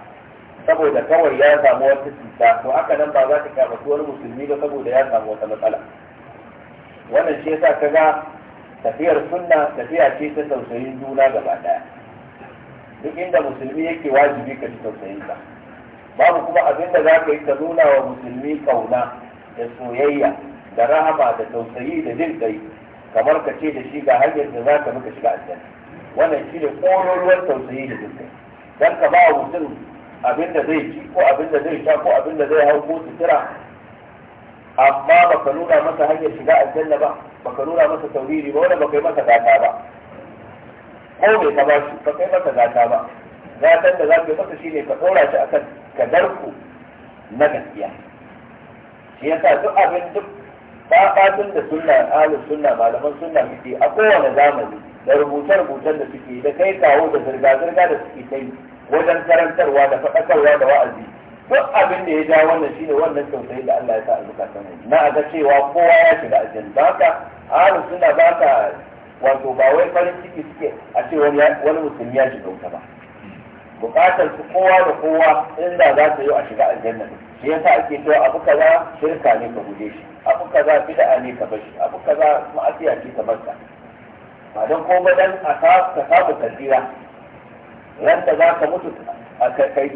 saboda kawai ya samu wata cuta to haka nan ba za ka kyamaci wani musulmi ba saboda ya samu wata matsala wannan shi yasa ka ga tafiyar sunna tafiya ce ta tausayin juna gaba daya duk inda musulmi yake wajibi ka ji ka. babu kuma abin da za ka yi ka nuna wa musulmi kauna da soyayya da rahama da tausayi da jin kai kamar ka ce da shi ga hanyar da za ka muka shiga aljanna wannan shi ne ƙororuwar tausayi da jin kai don ka ba wa mutum abin da zai ci ko abin da zai sha ko abin da zai hau ko sutura amma baka nuna masa hanyar shiga aljanna ba baka nuna masa tauriri ba wanda baka yi masa gata ba ko bai ka ba shi baka yi masa gata ba gatan da za ka yi masa shi ne ka ɗora shi akan ka darko na gaskiya shi yasa duk abin duk babatun da suna ahlu suna malaman suna suke a kowane zamani da rubuce-rubucen da suke da kai kawo da zirga-zirga da suke kai wajen karantarwa da faɗakarwa da wa'azi duk abin da ya ja wannan shine wannan tausayi da Allah ya sa a zukatan na a ga cewa kowa ya shiga aljanna don haka ahlu suna ba ta wato ba wai farin ciki suke a ce wani musulmi ya shiga wuta ba bukatar su kowa da kowa inda za ta yi a shiga aljanna shi sa ake cewa abu kaza shirka ne ka guje shi abu kaza bid'a ne ka bar shi abu kaza ma'asiya ce ka bar ba don ko ba dan ka samu tarbiyya ran da za ka mutu kai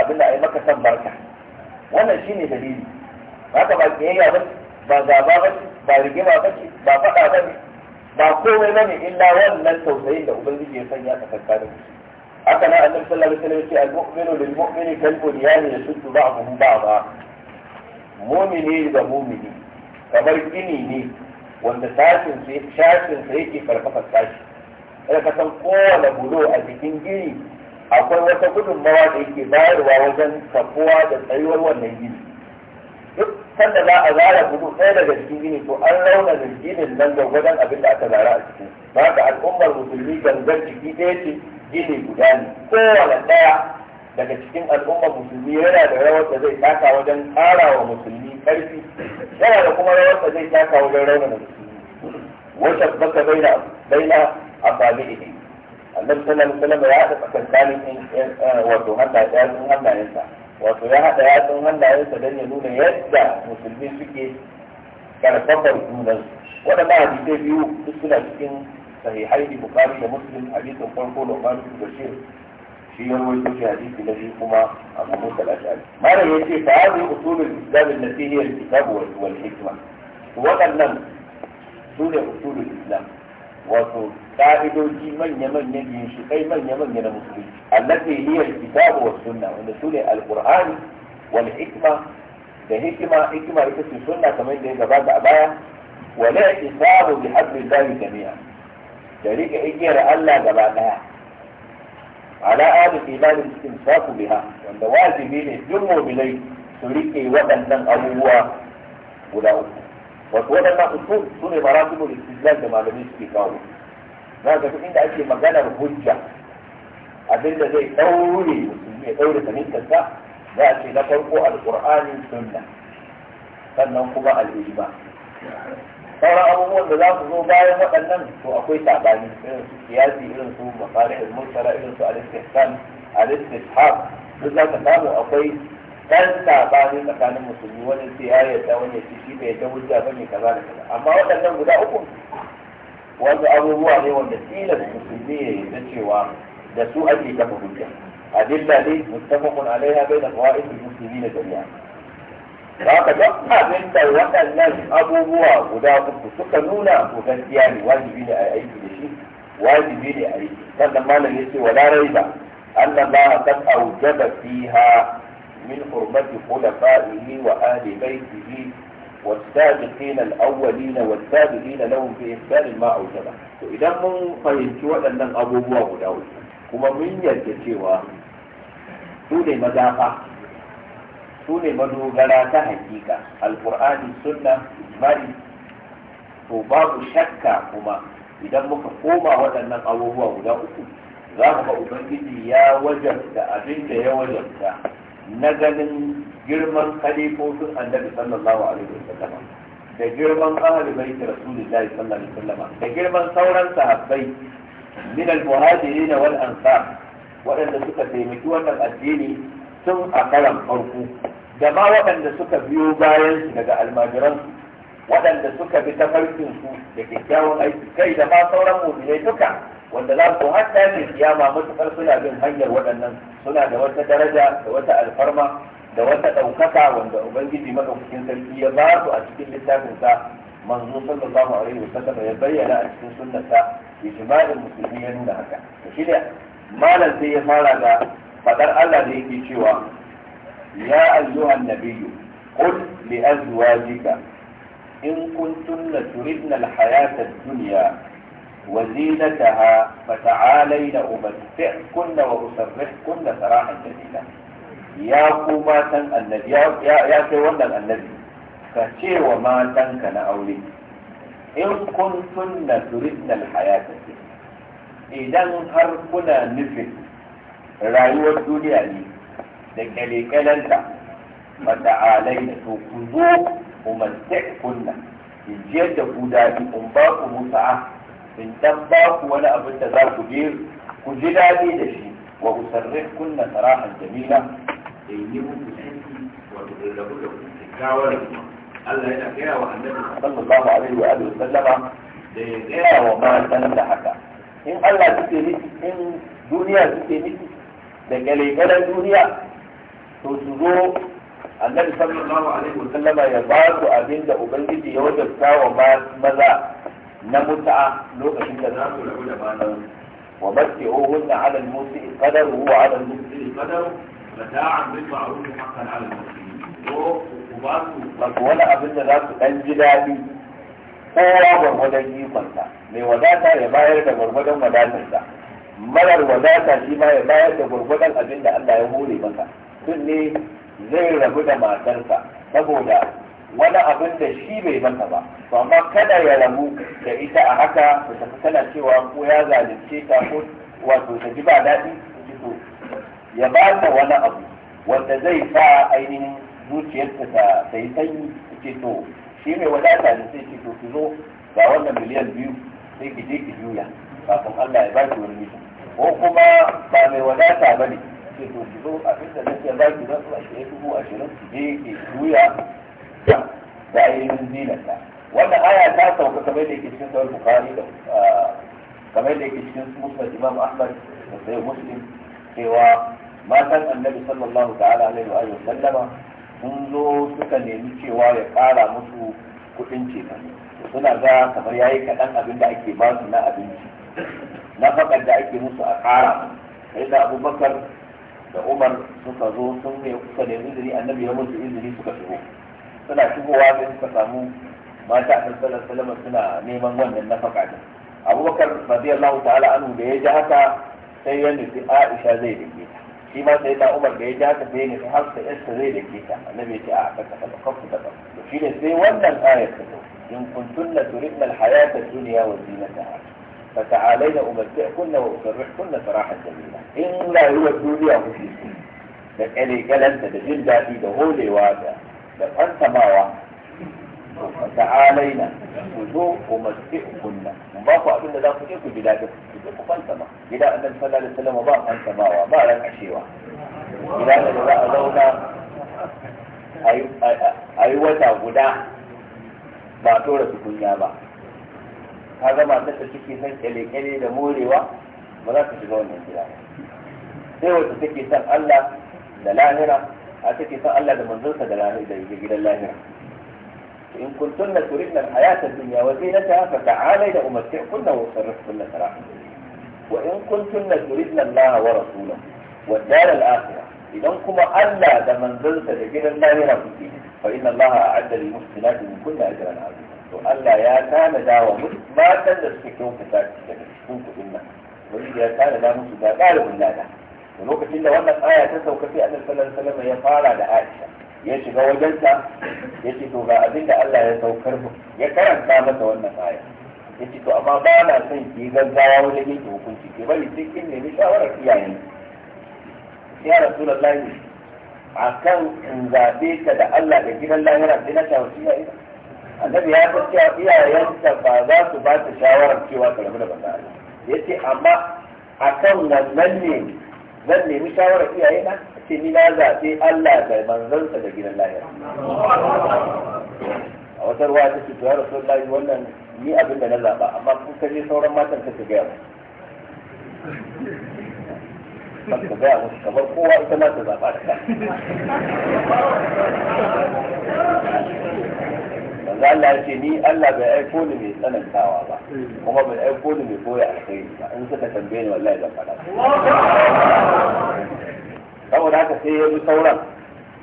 abin da ai maka san barka wannan shine dalili ka ba yaya ba ba gaba ba ba rigima ba ba faɗa ba ba komai ba ne illa wannan tausayin da ubangiji ya sanya ka kankanin musu haka na annabi sallallahu alaihi wasallam yace al-mu'minu lil mu'mini kal bunyani yashuddu ba'dahu ba'dha da kamar gini ne wanda sashin sai sai yake karfafa sashi kada ka san kowane bulo a jikin gini akwai wata gudunmawa da yake bayarwa wajen kafuwa da tsayuwar wannan gini duk sanda za a zara gudu ɗaya daga cikin gini to an launa da ginin nan da wajen abin da aka zara a cikin ba ka al'ummar musulmi gangar jiki ɗaya ce gini guda ne kowane ɗaya daga cikin al'ummar musulmi yana da rawar da zai taka wajen ƙara wa musulmi ƙarfi yana da kuma rawar da zai taka wajen raunana musulmi wata baka baina baina ababi ihi annabi sallallahu alaihi wasallam ya haɗa tsakankanin eh, wato hannayen hannayensa wato ya haɗa yatsun hannayensa don ya nuna yadda musulmi suke karfafar junan waɗannan hadisai biyu duk suna cikin sahihai bukari da muslim hadisin farko da umar bashir shi ya rawaito shi hadisi na biyu kuma abu musa al-ashari malam ya ce fa'adu usulul islam allati hiya al-kitab wal hikma waɗannan su ne usulul islam wato ka'idoji manya-manya biyu shi kai manya-manya na musulunci allati hiya al-kitab wa sunna wanda su ne al-qur'ani wal hikma da hikima hikima ita ce sunna kamar da ya gabata a baya wala isabu bi hadri jami'a da rike igiyar Allah gaba daya ala adu ibadin cikin saku biha wanda wajibi ne duk mu'minai su rike waɗannan abubuwa guda uku Wasu waɗannan usul su ne maratibul istidlal da malami suke kawo za ka duk inda ake maganar hujja abinda zai ɗaure musulmi ya ɗaure fahimtarsa za a ce na farko alƙur'ani sunna sannan kuma al'ijma sauran abubuwan da za su zo bayan waɗannan to akwai saɓani irin su siyasi irin su mafarin ilmursara irin su alistisan alistishab duk za ka samu akwai ɗan saɓani tsakanin musulmi wani sai ya yarda wani ya ci shi bai yarda hujja ba ne kaza da kaza amma waɗannan guda uku wasu abubuwa ne wanda tilas musulmi ya yarda cewa da su ake kafa hujja adilla ne mustafakun alaiha bai da musulmi muslimin jami'a haka duk abin da waɗannan abubuwa guda uku suka nuna to gaskiya ne wajibi ne a aiki da shi wajibi ne a yi sannan malam yace wala raiba anna Allah qad awjaba fiha min hurmati khulafaihi wa ahli baitihi والسابقين الأولين والسابقين لهم في إحسان ما أوجبه idan mun fahimci waɗannan abubuwa guda uku kuma mun yarda cewa su ne mazafa su ne madogara ta hakika alkur'ani sunna ijma'i to babu shakka kuma idan muka koma waɗannan abubuwa guda uku za mu ga ubangiji ya wajabta abin da ya wajabta na ganin girman kalifofin annabi sallallahu alaihi wasallam da girman ahli bait rasulillahi sallallahu alaihi wasallam da girman sauran sahabbai min al-muhajirin wal ansar waɗanda suka taimaki wannan addini tun a karan farko da ma waɗanda suka biyo bayan su daga almajiran waɗanda suka bi ta farkin su da kyakkyawan aiki kai da ma sauran mu'minai duka wanda za su hatta ne kiyama matukar suna bin hanyar waɗannan suna da wata daraja da wata alfarma da wata ɗaukaka wanda ubangiji maɗaukakin sarki ya ba su a cikin littafinsa manzo sallallahu alaihi wasallam ya bayyana a cikin sunnarsa ijma'in musulmi ya nuna haka shi ne malam sai ya fara da fadar Allah da yake cewa ya ayyuhan nabiyyu qul li azwajika in kuntunna turidna al-hayata ad-dunya wa zinataha fata'alayna umatti'kunna wa usarrihkunna sarahan jamila ya ku matan annabi ya kai wannan annabi ka ce wa matanka na aure in kuntunna turidna al-hayata idan har kuna nufin rayuwar duniya ne da kyalekyalanta mata alai da to ku zo umartek kunna in jiyar da ku daɗi in ba ku musa'a in dan ba ku wani abin da za ku je ku ji daɗi da shi wa usarrif kunna sarahan jamila in yi muku sanki wato da rabu da kyakkyawar Allah ya gaya wa annabi sallallahu alaihi wa alihi sallama da ya gaya wa matan da haka in Allah suke nufi in duniya suke nufi daga leƙanar duniya to su zo annabi sallallahu alaihi wasallam ya ba su abin da ubangiji ya wajabta wa maza na muta'a lokacin da za su rabu da bana wa matti'uhun na alal musi qadaru wa alal musi qadaru mata'an bil ma'ruf haqqan alal musi ko ku ba su wani abin da za su dan ji daɗi kowa gwargwadon ikonsa mai wadata ya bayar da gwargwadon wadatarsa marar wadata shi ma ya bayar da gurgudan abin da Allah ya hore masa tun ne zai rabu da matarsa saboda wani abin da shi bai masa ba to amma kada ya rabu da ita a haka ta tafi tana cewa ko ya zalunce ta ko wato ta ji ba daɗi to ya ba ta wani abu wanda zai sa ainihin zuciyarsa ta ta yi sanyi ce to shi mai wadata da sai ce to ki zo ga wannan miliyan biyu sai ki je ki juya kafin Allah ya ba ki wani mutum ko kuma ba mai wadata ba ne ke to ki zo abin da nake ba ki zan a shirye dubu ashirin ki je ke juya da ainihin zinarta wannan aya ta sauka kamar da yake cikin sahih bukhari da kamar da yake cikin musnad imam ahmad da sahih muslim cewa matan annabi sallallahu ta'ala alaihi wa sallama sun zo suka nemi cewa ya kara musu kuɗin ceton suna ga kamar yayi kaɗan abin da ake ba su na abinci nafakar da ake musu a ƙara sai da abubakar da umar suka zo sun ne suka nemi izini annabi ya musu izini suka shigo suna shigowa sai suka samu mata a sallar suna neman wannan nafaka din abubakar radiyallahu ta'ala anhu da ya ji haka sai ya nufi aisha zai dake ta shi ma sai da umar da ya ji haka sai ya nufi hafsa zai dake ta annabi ya ce a kaka kaka kafu da kafu shi ne sai wannan ayar ta zo in kuntunna turidna alhayata dunya wa zinataha فتعالينا أمتعكن وأسرحكن سراحا جميلا إن لا هو الدنيا مفيد da ƙyale galanta da jin daɗi da holewa da da fantamawa da alaina ku zo ku masu kunna in ba ku abin da za ku je ku ji daɗin ku je ku fantama gida annabi sallallahu alaihi wasallam ba fantamawa ba ran ashewa gida da za a zauna a yi wata guda ba tora tukunya ba ka ga matar da take son kyale-kyale da morewa ba za ta shiga wannan gida sai wacce take son Allah da lahira a take son Allah da manzonsa da lahira da gidan lahira in kuntunna turidna al-hayata ad-dunya wa zinataha fa ta'alayna umatti'kunna wa usarrifkunna sarahan wa in kuntunna turidna Allah wa rasulahu wa ad-dar al-akhirah idan kuma Allah da manzonsa da gidan lahira kuke fa inna Allah a'adda lil-muhsinati min kulli ajrin 'azim to Allah ya tanada wa matan da suke kyautata daga cikin kudin nan wani ya tanada musu da ƙarin lada da lokacin da wannan aya ta sauka sai annabi sallallahu alaihi ya fara da Aisha ya shiga wajenta ya ce to ga abin da Allah ya saukar mu ya karanta masa wannan aya ya ce to amma ba na son ki gaggawa wajen yin hukunci ke bari sai kin nemi shawara iyayen ya rasulullahi akan in zabe ka da Allah da gidan lahira sai na shawarci iyayen annabi ya san cewa iyayenta ba za su ba ta shawarar cewa ka da banza Allah ya ce amma akan wannan ne zan nemi shawarar iyayena ce ni na zaɓe Allah da manzansa da gidan lahira a wata ruwa ta ce to ya rasu lahi wannan ni abin da na zaɓa amma kun kaje sauran matan ka ka gaya musu ka gaya musu kamar kowa ita ma ta zaɓa da ka manzo Allah ya ce ni Allah bai aiko ni mai tsanantawa ba kuma bai aiko ni mai koya alkhairi ba in suka tambaye ni wallahi zan faɗa saboda haka sai ya bi sauran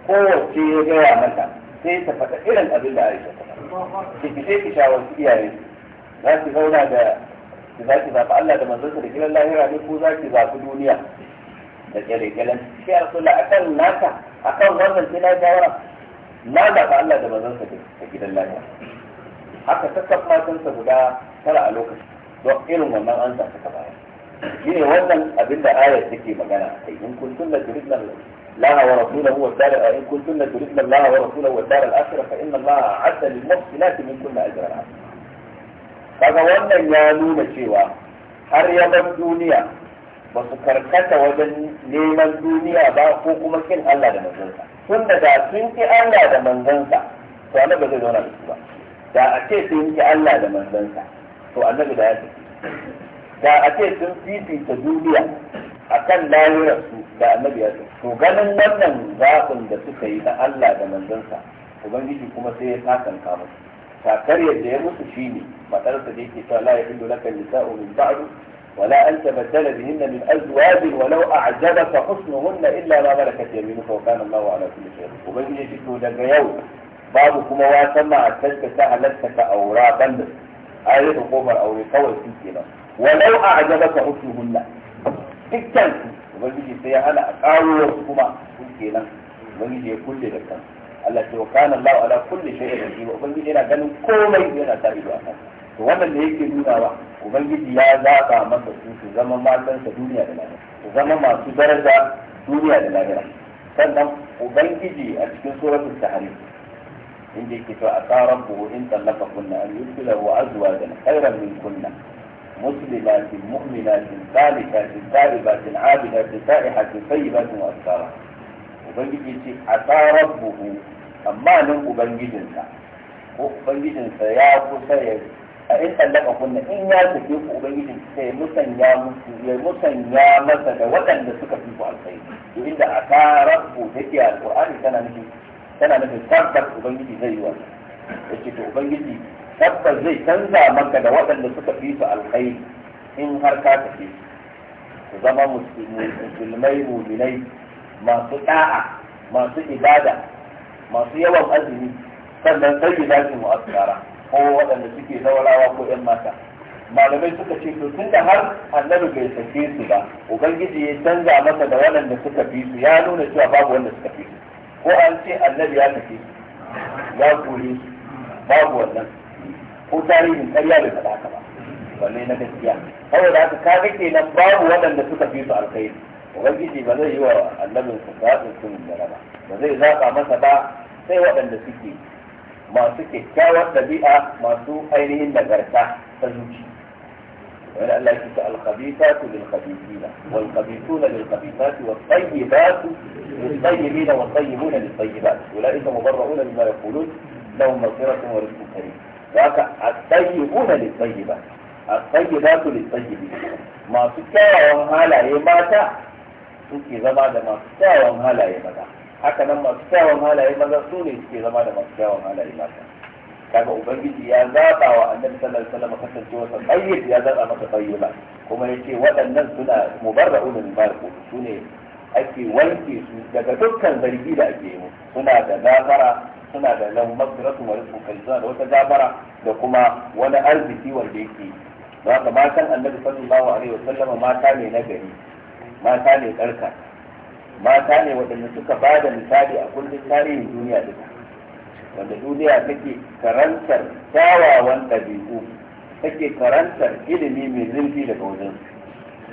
kowace ya gaya mata sai ta faɗa irin abin da Aisha ta faɗa ki fice ki shawarci iyaye za ki zauna da ki za ki zaɓi Allah da manzonsa da kiran lahira ne ko za ki zaɓi duniya da kyale-kyalen shi a akan naka akan wannan sai na shawara ماذا فعلنا ده بزنسة تجد الله يعني حتى تكتب ما تنسبه ده سرع لوكش دوكيله مما أنت تكتبها يعني وزن أبدا آية ذكي مجانا إيه، إن كنتنا تريدنا لها ورسوله هو الدار إن كنتن تريدن الله ورسوله هو الدار الأخرى فإن الله عدى للمحسنات من كنا أجر العالم فقوانا يانون شيوا har yaban duniya ba su karkata wajen neman duniya ba ko kuma kin Allah da tun da sun ki Allah da manzansa to annabi zai zauna da su ba da a ce sun ki Allah da manzansa to annabi da ya tafi da a ce sun fifita duniya akan kan su da annabi ya tafi to ganin wannan zaɓin da suka yi na Allah da manzansa ubangiji kuma sai ya sakanka musu kakar yadda ya musu ne matarsa da yake cewa la ya illu kan nisa'u min ba'du ولا أن تبدل بهن من أزواج ولو أعجبك حسنهن إلا ما ملكت يمينك وكان الله على كل شيء وبين يجده لك يوم babu kuma ya san ma'atarka ta halatta ka aura banda an rufe kofar aure kawai su ke walau a ka hukun hulla dukkan su ubangiji sai ya hana a karo wasu kuma su ke nan kulle da Allah wa yana ganin komai yana sa a to wannan da yake nunawa ubangiji ya zaɓa masa su su zama matansa duniya da lahira su zama masu daraja duniya da lahira sannan ubangiji a cikin suratul in inda yake a asa rabbuhu in tallaqa kunna an yusila wa azwajan khayran min kunna مسلمات مؤمنات سالكات تائبات عابدات سائحات طيبات وأبكارا ubangiji ce a tsarar buhu amma nan ubangijinsa ko ubangijinsa ya kusa ya a in kunna in ya tafi ku ubangiji sai musanya musu ya musanya masa da waɗanda suka fi ku alkhairi to inda aka rabbu da ke alqur'ani tana nufin tana nufin tabbas ubangiji zai yi wannan yace to ubangiji tabbas zai canza maka da waɗanda suka fi su alkhairi in har ka tafi ku zama musulmai mu'minai masu da'a masu ibada masu yawan azumi sannan sai da mu asara. ko waɗanda suke zawarawa ko 'yan mata malamai suka ce to tun da har annabi bai sake su ba ubangiji ya canza masa da waɗanda suka fi su ya nuna cewa babu wanda suka fi su ko an ce annabi ya tafi, ya kore su babu wannan ko tarihin ƙarya bai faɗa haka ba balle na gaskiya saboda haka kaga kenan babu waɗanda suka fi su alkhairi ubangiji ba zai yi wa annabin su sun da ba ba zai zaɓa masa ba sai waɗanda suke masu kyakkyawar ɗabi'a masu ainihin nagarta ta zuci wani Allah ki ta alkhabita tu lil khabitina wal khabituna lil khabitati wat tayyibatu lil tayyibina wat tayyibuna lil tayyibat ulai ka mubarra'una mimma yaqulun lahum maghfiratun wa rizqun karim haka at-tayyibuna lil tayyibat at-tayyibatu lil tayyibina masu kyawawan halaye mata suke zama da masu kyawawan halaye mata haka nan masu kyawun halaye maza su ne suke zama da masu kyawun halaye mata kaga ubangiji ya zaba wa annabi sallallahu alaihi wasallam kasancewa sa tayyib ya zaba masa tayyiba kuma yace waɗannan suna mubarra'un min barku sune ne ake wanke su daga dukkan zargi da ake yi suna da gafara suna da lahu maghfiratu wa rizqun karim da wata gafara da kuma wani arziki wanda yake don haka matan annabi sallallahu alaihi wasallam mata ne na gari mata ne tsarkaka mata ne waɗanda suka ba da misali a kullum tarihin duniya duka wanda duniya take karantar kyawawan ɗabi'u take karantar ilimi mai zurfi daga wajen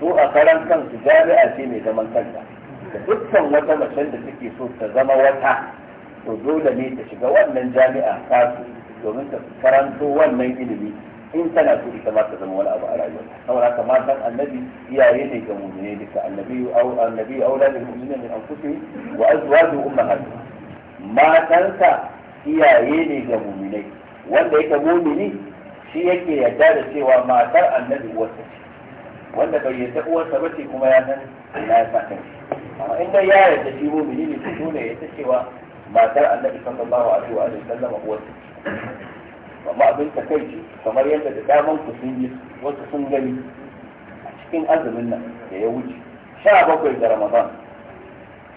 su a karan kansu jami'a ce mai zaman kanta da dukkan wata macen da take so ta zama wata to dole ne ta shiga wannan jami'a kasu domin ta karanto wannan ilimi in tana so ita ba ta zama wani abu a rayuwa saboda haka matan annabi iyaye ne ga mu'mine duka annabi au annabi aula bil mu'minina min anfusihim wa azwajuhum ummahatuhum matansa iyaye ne ga mu'minai wanda yake mu'mini shi yake yadda da cewa matar annabi uwarsa ce wanda bai yadda uwarsa ba ce kuma ya san ina ya sa kan amma in dai ya yadda shi mu'mini ne to dole ya ta cewa matar annabi sallallahu alaihi wa sallam uwarsa ce amma abin ta kai kamar yadda da daman ku sun yi wasu sun gani a cikin azumin nan da ya wuce sha bakwai ga ramadan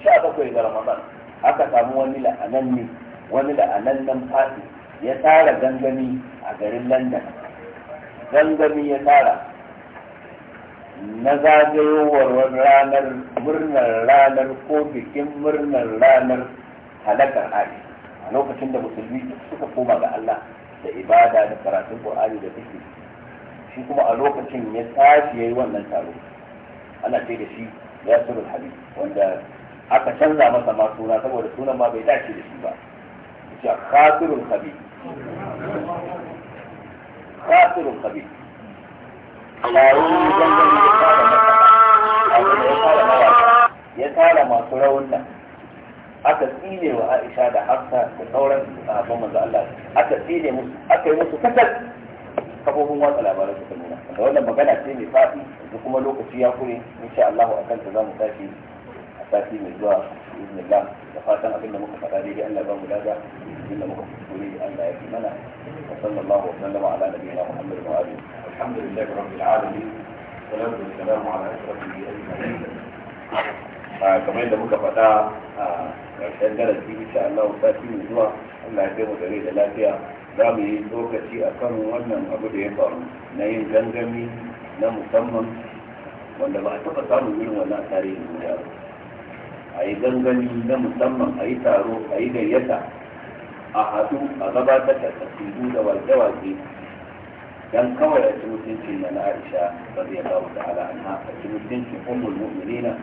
sha bakwai ga ramadan aka samu wani ne wani nan fasi ya tara gangami a garin london gangami ya tara na zagayowar ranar murnar ranar ko bikin murnar ranar halakar aji a lokacin da musulmi suka koma ga allah da ibada da karatun qur'ani da zikiri shi kuma a lokacin ya tashi yayi wannan taro ana ce da shi ya yasirul habib wanda aka canza masa ma suna saboda sunan ma bai dace da shi ba ya khasirul habib khasirul habib ya tsara ya tara masu raunin aka tsine wa Aisha da Hafsa da sauran sahabban manzo Allah aka tsine musu aka yi musu katal kafofin watsa labarai suka da wannan magana ce mai faɗi da kuma lokaci ya kure insha Allah akan ta zamu tashi a sati mai zuwa da fatan abin da muka faɗa daidai Allah ba mu daga abin da muka kuskure Allah ya fi mana wa sallallahu wa sallama ala nabiyina Muhammad wa alihi alhamdulillah rabbil alamin salatu wassalamu ala ashrafil anbiya'i kamar yadda muka faɗa ah, karshen darasi insha Allah sati mai zuwa Allah ya mu gare da lafiya za mu yi lokaci a kan wannan abu da ya faru na yin gangami na musamman wanda ba a taɓa samun irin wannan a tarihin duniya ba a yi gangami na musamman a yi taro a yi gayyata a haɗu a gabatar da tasiru da wake-wake dan kawai a ci mutuncin na Aisha radiyallahu ta'ala anha a ci mutuncin ummul mu'minina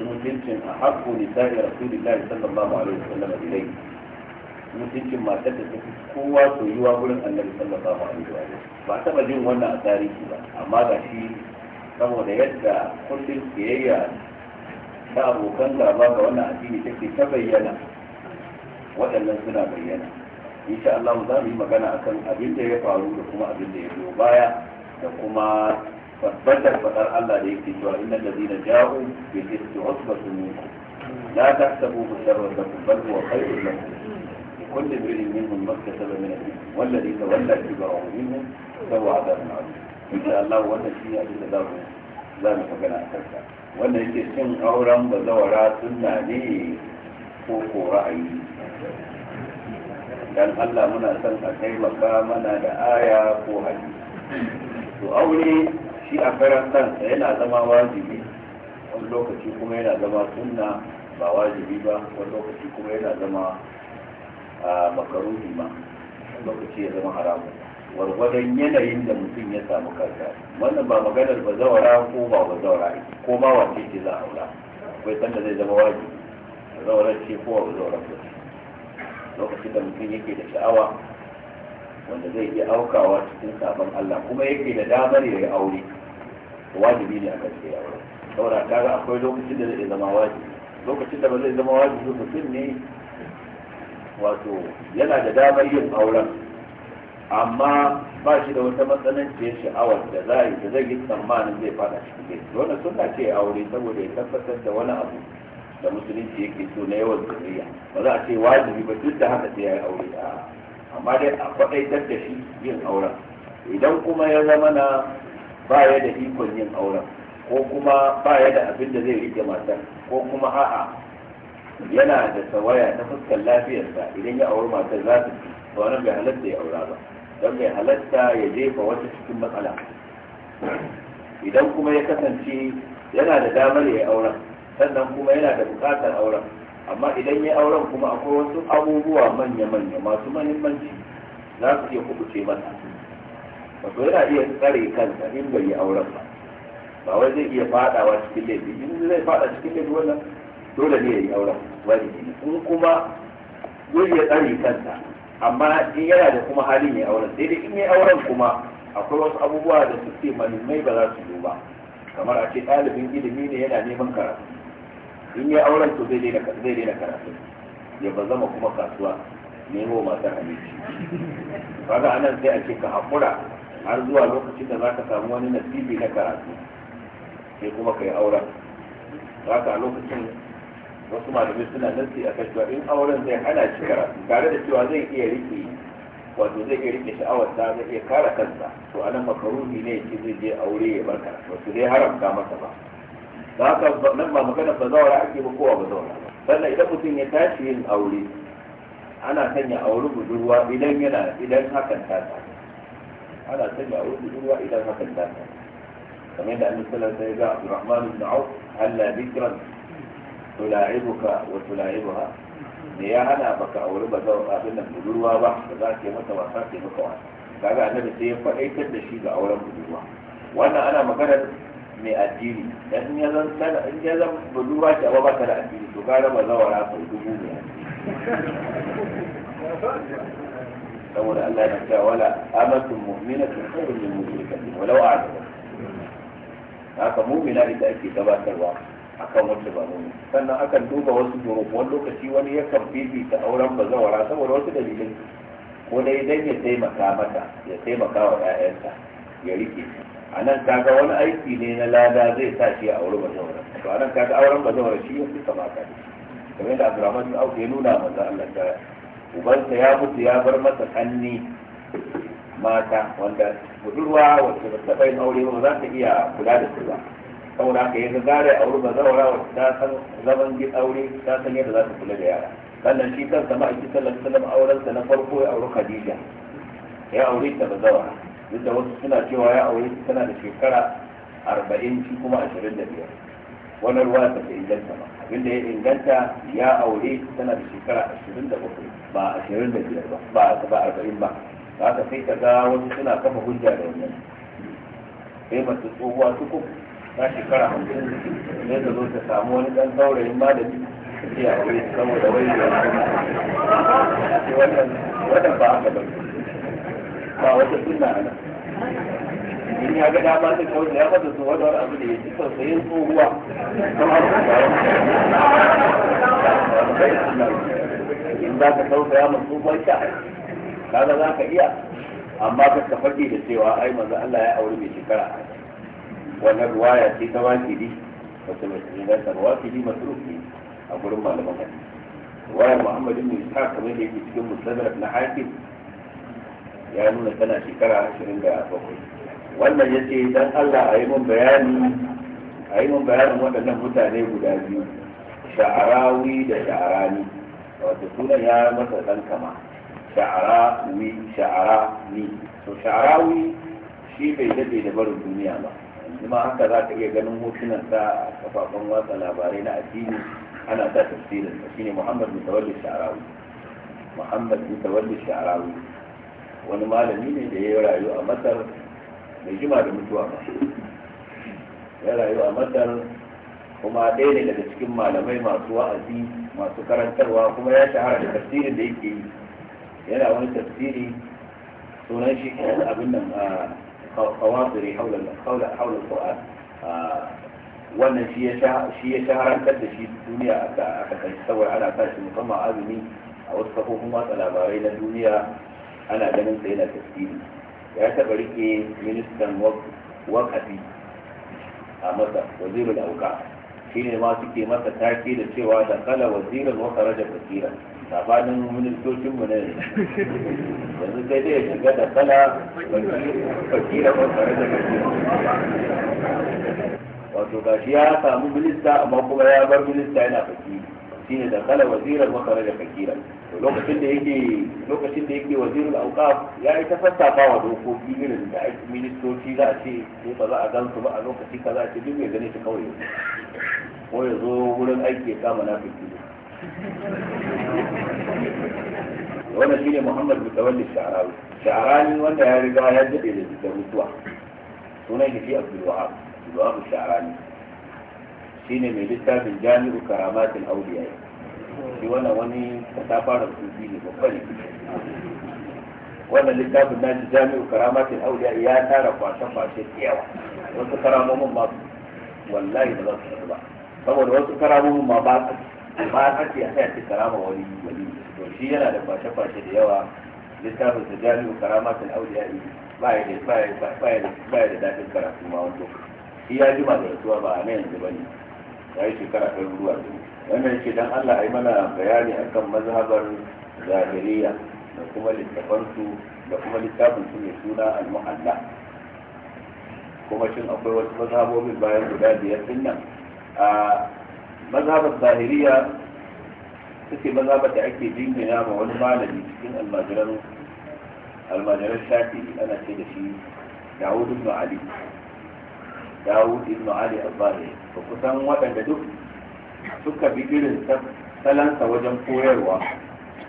mutuncin a haƙo ne sa'i rasulullahi sallallahu alaihi wasallam ilai mutuncin matar da fi kowa soyuwa gurin annabi sallallahu alaihi wasallam ba taɓa jin wannan a tarihi ba amma ga shi saboda yadda kullum siyayya ta abokan gaba ga wannan addini take ta bayyana waɗannan suna bayyana insha Allah za mu yi magana akan abin da ya faru da kuma abin da ya biyo baya da kuma tabbatar faɗar Allah da yake cewa innal ladina ja'u bil ismi usbatun minkum la tahsabuhu sharran lakum bal huwa khayrun lakum لكل امرئ منهم ما اكتسب من الاثم والذي تولى كبره منهم له عذاب عظيم ان شاء الله wannan shi ne abin da za mu magana a kansa wannan yake cin auren bazawara sunna ne ko ko ra'ayi dan Allah muna son a taimaka mana da aya ko hadisi to aure shi a karan kansa yana zama wajibi wani lokaci kuma yana zama sunna ba wajibi ba wani lokaci kuma yana zama makaruhi ma lokaci ya zama haramu gwargwadon yanayin da mutum ya samu kansa wannan ba maganar ba zawara ko ba ba zawara ko ma wace ce za a wula akwai sanda zai zama wajibi ba zawara ce ko ba zawarar ba lokacin da mutum yake da sha'awa wanda zai iya aukawa cikin sabon Allah kuma yake da damar ya yi aure wajibi ne a akan sai aure saboda kaga akwai lokacin da zai zama wajibi lokacin da ba zai zama wajibi mutum ne wato yana da damar yin aure. amma ba shi da wata matsananciyar sha'awar da za yi da zai yi tsammanin zai fada cikin gaisu wannan suna ce aure saboda ya tabbatar da wani abu da musulunci yake so na yawan zuriya ba za a ce wajibi ba duk da haka sai ya yi aure amma dai a faɗaitar da shi yin auren idan kuma ya zama na ba ya da ikon yin auren ko kuma ba ya da abin da zai rike matar ko kuma a'a yana da tawaya ta fuskar lafiyarsa idan ya auri matar za ta ci to wannan bai halatta ya aura ba don bai halatta ya jefa wata cikin matsala idan kuma ya kasance yana da damar ya auren sannan kuma yana da bukatar auren amma idan ya auren kuma akwai wasu abubuwa manya-manya masu mahimmanci za su iya kubuce masa wato yana iya tsare kansa in bai yi auren ba ba wai zai iya fadawa cikin laifi in zai fada cikin laifi wannan dole ne ya yi auren wani in kuma zai iya tsare kansa amma in yana da kuma halin ya auren sai dai in yi auren kuma akwai wasu abubuwa da su ce malumai ba za su yi ba kamar a ce ɗalibin ilimi ne yana neman karatu in yi auren to zai daina karatu ya ba zama kuma kasuwa nemo matar za kaga anan sai a ce ka haƙura har zuwa lokacin da za ka samu wani nasibi na karatu sai kuma kai auren za a lokacin wasu malamai suna nasi a kan in auren zai hana shi karatu tare da cewa zai iya rike wato zai iya rike sha'awar ta zai iya kara kansa to anan makaruni ne shi zai je aure ya bar karatu wato zai haramta masa ba za ka nan ba magana ba bazawara ake ba kowa bazawara sannan idan mutum ya tashi yin aure ana sanya aure budurwa idan yana idan hakan ta samu ana sanya a wurin ruwa idan hakan ta kamar yadda annabi sallallahu ta yi ya abu rahman ibn Auf halla bikran tula'ibuka wa tula'ibuha ne ya hana baka aure ba zau abin nan budurwa ba da za ka yi mata wasa ka yi maka wasa kaga annabi sai ya faɗaitar da shi ga auren budurwa wannan ana maganar mai addini dan ya zan in ya zan budurwa ce amma ba da addini to gara ba zawara sau dubu ne saboda Allah ya ce wala amatun mu'minatun khairun min mushrikatin walau a'jabat haka mu'mina ita ake gabatarwa akan wacce ba mu sannan akan duba wasu duruk wani lokaci wani yakan fifita auren bazawara saboda wasu dalilin ko dai dan ya taimaka mata ya taimaka wa ƴaƴanta ya rike a nan kaga wani aiki ne na lada zai sa shi a aure bazawara to a nan kaga auren bazawara shi ya fi kamata kamar yadda Abdulrahman bin Auf ya nuna manzo Allah ta ubanta ya mutu ya bar masa kanni mata wanda budurwa wacce ba taɓa yin aure ba za ta iya kula da su ba saboda haka yanzu gare a wurin zaura wacce ta san zaman gid aure ta san yadda za ta kula da yara sannan shi kansa ma'aiki sallallahu alaihi wasallam aurensa na farko ya auri khadija ya aure ta bazawara duk da wasu suna cewa ya aure ta tana da shekara arba'in shi kuma ashirin da biyar wani ruwa ta inganta ba abinda ya inganta ya aure tana da shekara 27 ba 25 ba ba 40 ba haka sai ka ga wasu suna kafa hujja da wannan sai masu tsohuwa tuku ta shekara 50 ne da zo ta samu wani dan saurayin malami a aure saboda wai da wannan wannan ba haka ba ba wata sunna ana in ya ga dama zai kawai da ya fata su wani abu da ya ji tausayin tsohuwa in za ka tausaya ma tsohuwar ka kaga za ka iya amma ka ka fage da cewa ai manzo Allah ya aure mai shekara wannan ruwaya ce ta wakili wata mai inganta wakili masrufi a gurin malaman hadisi ruwayar Muhammad ibn Ishaq kamar da yake cikin musnadar na hakim ya nuna tana shekara 27 wannan ya ce don allah a yi mun bayani a yi mun bayanin waɗannan mutane guda biyu sha'arawi da sha'arani wato sunan ya masa ɗan kama sha'ara ni, sha'ara ni. to sha'arawi shi bai daɗe da barin duniya ba yanzu ma haka za ka iya ganin hotunan sa a kafafen watsa labarai na addini ana sa tafsirin sa shine muhammad mutawalli sha'arawi muhammad mutawalli sha'arawi wani malami ne da ya yi rayu a masar mai jima da mutuwa ba ya rayu a madar kuma ɗaya ne daga cikin malamai masu wa'azi masu karantarwa kuma ya shahara da tafsirin da yake yi yana wani tafsiri sunan shi abin nan a kawasiri haular qur'an wannan shi ya shaharantar da shi duniya a kasance saboda ana sa shi musamman azumi a wasu kafofin watsa labarai na duniya ana ganin sa yana tafsiri ya taba rike ministan wakafi a masa wazirin auka shi ne ma suke masa taki da cewa da kala wazirin wa da fasira sabanin ministocinmu da yanzu sai dai ya shiga da kala fasira wa da fasira wato shi ya samu minista amma kuma ya bar minista yana fasiri shine da kala waziran wa da fakiran to lokacin da yake lokacin da yake wazirul awqaf ya yi ta fassafa wa dokoki irin da aiki ministoci za a ce ko ba za a gan su ba a lokaci kaza a ce duk mai gane shi kawai ko ya zo wurin aiki ya kama na fiki wannan shine Muhammad bin Tawalli Sha'rawi Sha'rani wanda ya riga ya jade da mutuwa sunan shi Abdul Wahab Abdul Wahab Sha'rani shine mai littafin jami'u karamatin auliya shi wani wani ta fara sufi ne babba ne wannan littafin na shi jami'u karamatin auliya ya tara kwashe-kwashe da yawa wasu karamomin ma wallahi da za su tafi ba saboda wasu karamomin ma ba a ce a sai karama wani wani to shi yana da kwashe-kwashe da yawa littafin sa jami'u karamatin auliya ba ya da daɗin karatu ma wani lokaci shi ya jima da rasuwa ba a nan yanzu ba ne ya yi shekara ɗan ruwa ne wannan yake dan Allah ai mana bayani akan mazhabar zahiriya da kuma littafansu da kuma littafin su mai suna al-muhalla kuma shin akwai wasu mazhabobin bayan guda biyar din nan a mazhabar zahiriya suke mazhabar da ake jingina ma wani malami cikin almajiran almajiran shafi ana ce da shi dawud ibn ali dawud ibn ali al-zahiri ba ku san waɗanda duk suka bi irin salansa wajen koyarwa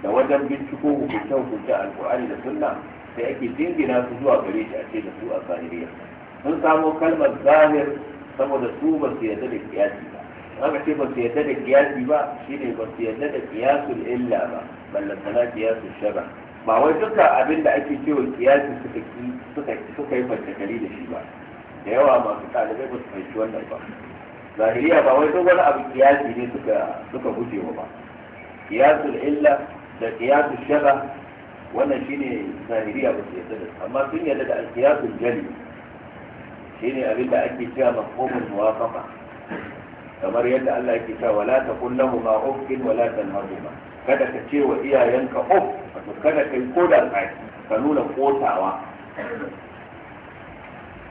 da wajen binciko hukunce hukunce alkur'ani da sunna sai ake jingina su zuwa gare shi a ce da su a zahiriya sun samo kalmar zahir saboda su ba su yarda da kiyasi ba aka ce ba su yarda da kiyasi ba shine ba su yarda da kiyasul illa ba ballantana kiyasul shara ba wai duka abin da ake cewa kiyasi suka yi fatakari da shi ba da yawa masu ɗalibai ba su fahimci wannan ba zahiriya ba wai dogon wani abu kiyasi ne suka suka guje wa ba kiyasul illa da kiyasul shaba wannan shine zahiriya ba su yadda da amma sun yadda da kiyasul jali shine abin da ake cewa mafhumul muwafaqa kamar yadda Allah yake cewa wala taqul lahu ma uffin wala tanharuma kada ka ce wa iyayenka uff to kada kai koda kai ka nuna kotawa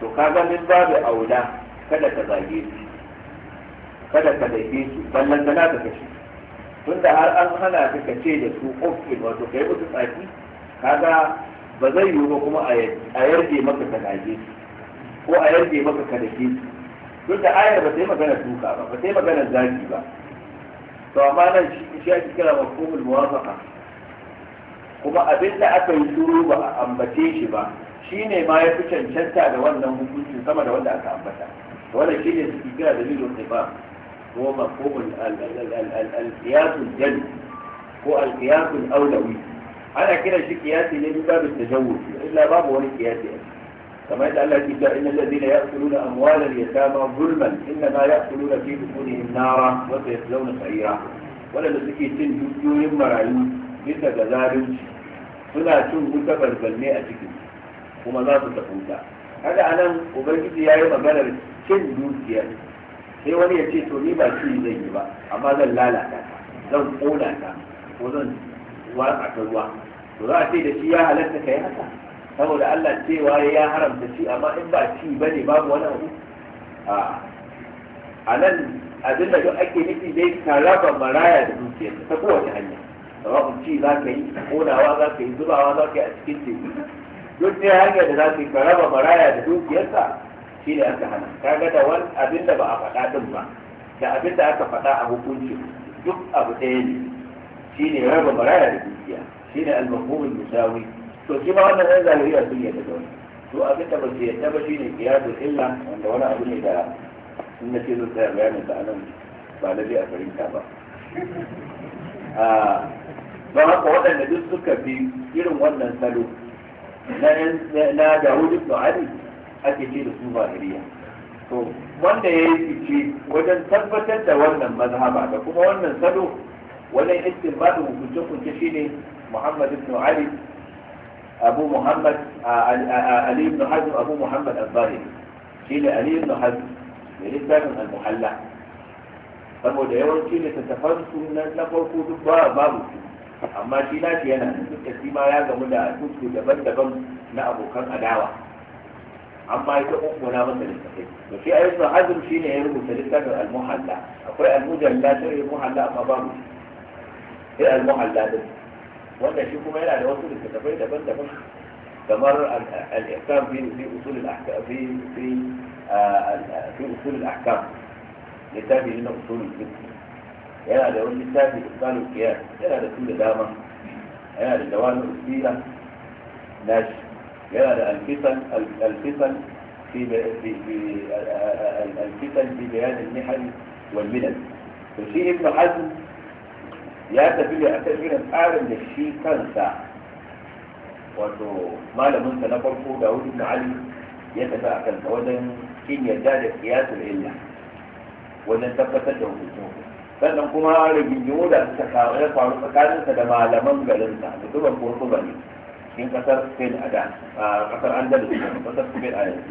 to kaga min babu aula kada ka zage shi kada ka dake su ballan da na ka tun da har an hana ka kace da su ofin wato kai musu tsaki kaga ba zai yiwu ba kuma a yarje maka ka dage su ko a yarje maka ka dake su da ayar ba sai magana duka ba ba sai magana zaki ba to amma nan shi ake kira mafhumul muwafaqa kuma abin da aka yi shuru ba a ambace shi ba shi ne ma ya fi cancanta da wannan hukuncin sama da wanda aka ambata wannan ne su kira ne ba. هو مفهوم القياس الجلي هو القياس الأولوي على كده شيء قياسي ليه باب التجوز إلا باب هو القياسي كما قال الله إن الذين يأكلون أموال اليتامى ظلما إنما يأكلون في بطونهم نارا وسيصلون سعيرا ولا suke سن dukiyoyin مرعيون bisa ga zalunci suna cin بالمئة barbanne وما لا kuma هذا أنا tafi يا يوم anan سن ya sai wani ya ce to ni ba ci zai yi ba amma zan lalata ta zan kona ta ko zan watsa ta ruwa to za a ce da shi ya halatta kai haka saboda Allah cewa ya haramta shi amma in ba ci bane babu wani abu a nan abin da duk ake nufi dai ka raba maraya da dukiyar ta kowace hanya sawa'un ci za ka yi konawa za ka yi zubawa za ka yi a cikin teku duk ne hanyar da za ka yi ka raba maraya da dukiyarsa shi da aka hana kaga da wani abin da ba a faɗa din ba da abin da aka faɗa a hukunci duk abu ɗaya ne shi ne raba maraya da dukiya shi ne almahmumin musawi to shi ma wannan ɗan zahiriya sun yadda da wani to abin da ba su yadda ba shi ne kiyasu illa wanda wani abu ne da sun na ce zo tsaya bayanin da anan ba na zai a farinta ba ah, don haka waɗanda duk suka fi irin wannan salo na da hudu ibn Ali ake ce da su zahiriya to wanda ya yi fice wajen tabbatar da wannan mazhaba da kuma wannan salo wajen istinbadu hukunce hukunce shine Muhammad ibn Ali Abu Muhammad Ali ibn Hazm Abu Muhammad al shi ne Ali ibn Hazm da littafin al-Muhalla saboda yawanci ne tattafan sunan na farko duk babu su amma shi nashi yana duk da shi ma ya gamu da tutu daban-daban na abokan adawa amma ya ta kukkuna masa littafai to shi ayyukan ibn hazm shine ya rubuta littafin al-muhalla akwai al-mujalla sai al-muhalla amma babu sai al-muhalla din wanda shi kuma yana da wasu littattafai daban-daban kamar al-ihkam fi fi usul al-ahkam fi fi fi usul al-ahkam littafi na usul al-fiqh yana da wani littafi usul al-qiyas yana da su da dama yana da dawamir usila nashi كان الفتن الفتن في في الفتن في بيان المحن والملل وفي ابن حزم يا تبي لي اتجينا اعلم للشيء تنسى وتو ما لم انت نقول فوق داود بن علي يتبع كان فوضا كين يدار قياس الالة وانا تبقى في الجمهور فانا كما اعلم من جمهور السكاوية فعلا فكانت لما لم انت لنسى فتبقى فوق in kasar spain a da a kasar andalus da kasar spain a yanzu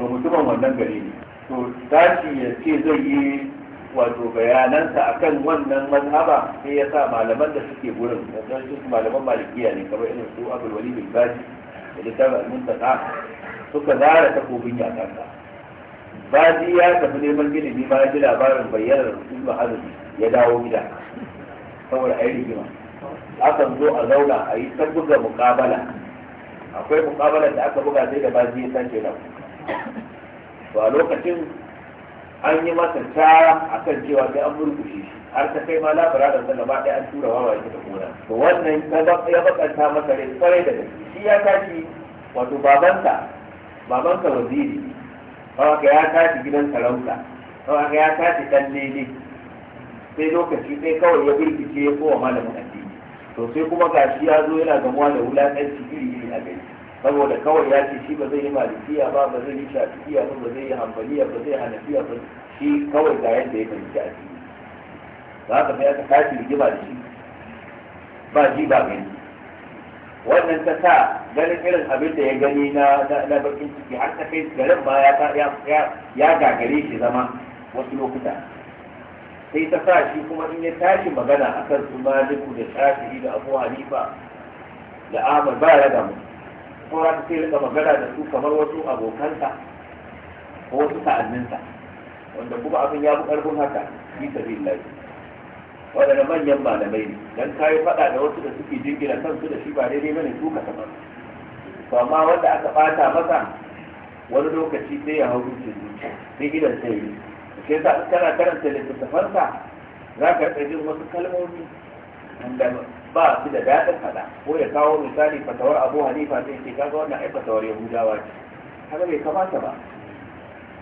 to mutumin wannan gari ne to tashi ya ce zai yi wato bayanansa akan wannan mazhaba sai ya sa malaman da suke gurin don su malaman malikiya ne kamar irin su abul wali bin baji da littafin al-muntaka suka zara takobin yakansa baji ya tafi neman ilimi ma ya ji labarin bayyanar ibn hazmi ya dawo gida saboda ayi rigima akan zo a zauna a yi ta buga mukabala akwai mukabala da aka buga sai da baji san sace nan to a lokacin an yi masa tara akan cewa sai an murkushe shi har ta kai ma labara da sa gaba ɗaya an tura wawa shi da gona to wannan ya bakanta masa rai kwarai da gaske shi ya tashi wato babanka babansa waziri kawaka ya tashi gidan sarauta kawaka ya tashi dan lele sai lokaci sai kawai ya birkice ya kowa malamin to sai kuma gashi ya zo yana gamuwa da wulaƙanci iri iri a gari saboda kawai ya ce shi ba zai yi malikiya ba ba zai yi shafi'iya ba ba zai yi hambaliya ba zai hanafiya ba shi kawai ga yadda ya fahimci a ciki za ka sai aka tashi rigima da shi ba ji ba gani wannan ta sa ganin irin abin da ya gani na na bakin ciki har ta kai garin ba ya gagare shi zama wasu lokuta sai ta sa shi kuma in ya tashi magana a kan su maliku da shafi'i da abu hanifa da ahmad ba ya damu za ta sai rika magana da su kamar wasu abokansa ko wasu ta'anninsa wanda kuma abin ya fi ƙarfin haka fi sabilillahi waɗanda manyan malamai ne don kayi faɗa da wasu da suke jingina kansu da shi ba daidai ne su ka sama to amma wanda aka ɓata masa wani lokaci sai ya hau zuciya sai gidan sai sai sa kana karanta littattafansa za ka rika jin wasu kalmomi wanda ba su da daɗin faɗa ko ya kawo misali fatawar abu hanifa sai ce kaga wannan ai fatawar yahudawa ce haka bai kamata ba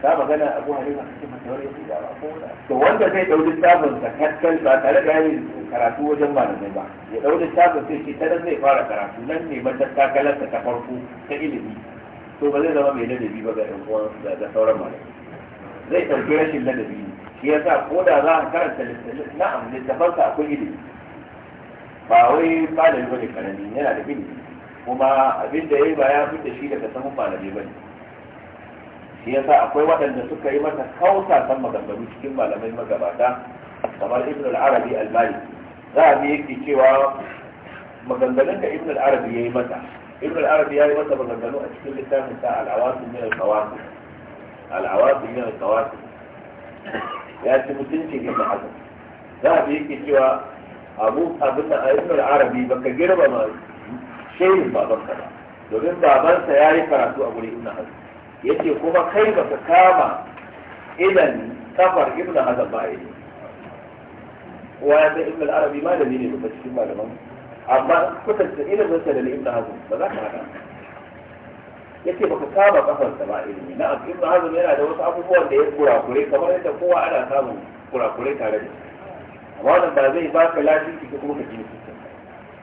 ta magana abu hanifa sai fatawar yahudawa ko to wanda zai ɗau littafin sa kaskan ba tare da yin karatu wajen malamai ba ya ɗau littafin sai ce ta zai fara karatu nan ne matattakalarsa ta farko ta ilimi to ba zai zama mai ladabi ba ga ɗan uwan da sauran malamai zai ɗauki rashin ladabi ne shi ya sa ko da za a karanta na'am littafansa akwai ilimi ba wai malami bane karami yana da ilimi kuma abin da ya yi ba ya fita shi daga samun malami bane shi ya sa akwai waɗanda suka yi masa kausa san maganganu cikin malamai magabata kamar ibn al-arabi al-maliki za a yake cewa maganganun da ibn al-arabi ya yi masa ibn al-arabi ya yi masa maganganu a cikin littafin sa al-awasu min al-qawasim العواتب من الكواتب يأتي متنشي جمع حسن ذهب يكي شوى أبوك أبنى أبنى العربي بك جربة ما شير بابا خلا لذين بابا سياري فراتو أبو لي ابن حسن يأتي كما خير بك كاما إذن سفر ابن حسن بائد وهذا ابن العربي ما لديني بك شير بابا أما كتل سئلة مثلا لابن حسن فذاك هذا yake baka saba kafarsa ba ilimi na da hazm yana da wasu abubuwan da ya kurakure kamar yadda kowa ana samun kurakure tare da shi amma wannan ba zai baka lafiya ki kuma ka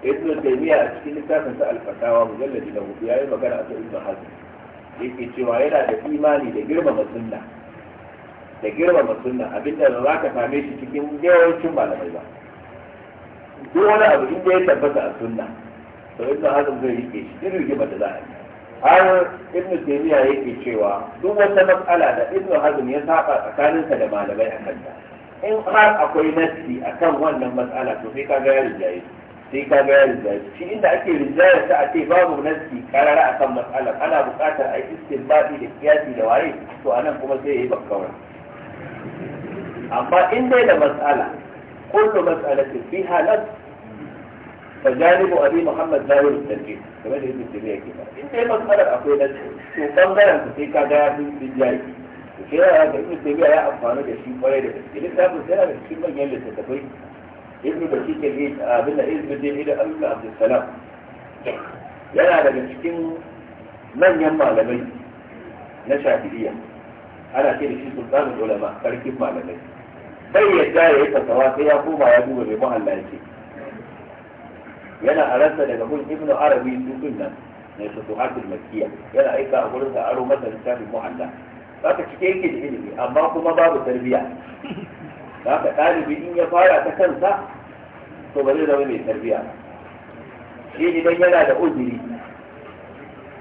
idan da taimiyya a cikin littafin sa al-fatawa mujalladi na hudu yayi magana a akan ibnu hazm yake cewa yana da imani da girmama sunna da girmama sunna abinda ba za ka same shi cikin yawancin malamai ba duk wani abu inda ya tabbata a sunna to ibnu hazm zai rike shi duk rigimar da za a yi har ibn taymiya yake cewa duk wata matsala da ibn hazm ya saba sa da malamai a kanta in har akwai nassi akan wannan matsala to sai ka ga ya rijaye sai ka ga ya rijaye shi inda ake rijaye ta a babu nassi karara akan matsala ana buƙatar a yi istinbadi da kiyasi da waye to anan kuma sai ya yi bakkawar amma in dai da matsala kullu mas'alatin fiha nas فجانب أبي محمد ظاهر الترجيح كما جاء ابن تيمية كده انت ايه مسألة أقوى ده وكان ده انت في كده في الجاي وكده ابن تيمية يا أفضل ده شيء قوي ده اللي ده ابن تيمية ده شيء مجال للتدقيق ابن آه، بشيك الايه قابلنا ايه بدين الى ابن عبد السلام yana daga cikin manyan malamai na shafi'iyya ana ce da shi sultanul ulama sarkin malamai bai yadda ya yi fasawa sai ya koma ya duba mai mahalla yake yana halarta daga mun ibnu arabi tutun nan mai futuhatul makkiya yana aika a gurin sa aro masa littafin muhalla zaka cike yake da ilimi amma kuma babu tarbiya haka ɗalibi in ya fara ta kansa to bare da wani mai tarbiya shi idan yana da uzuri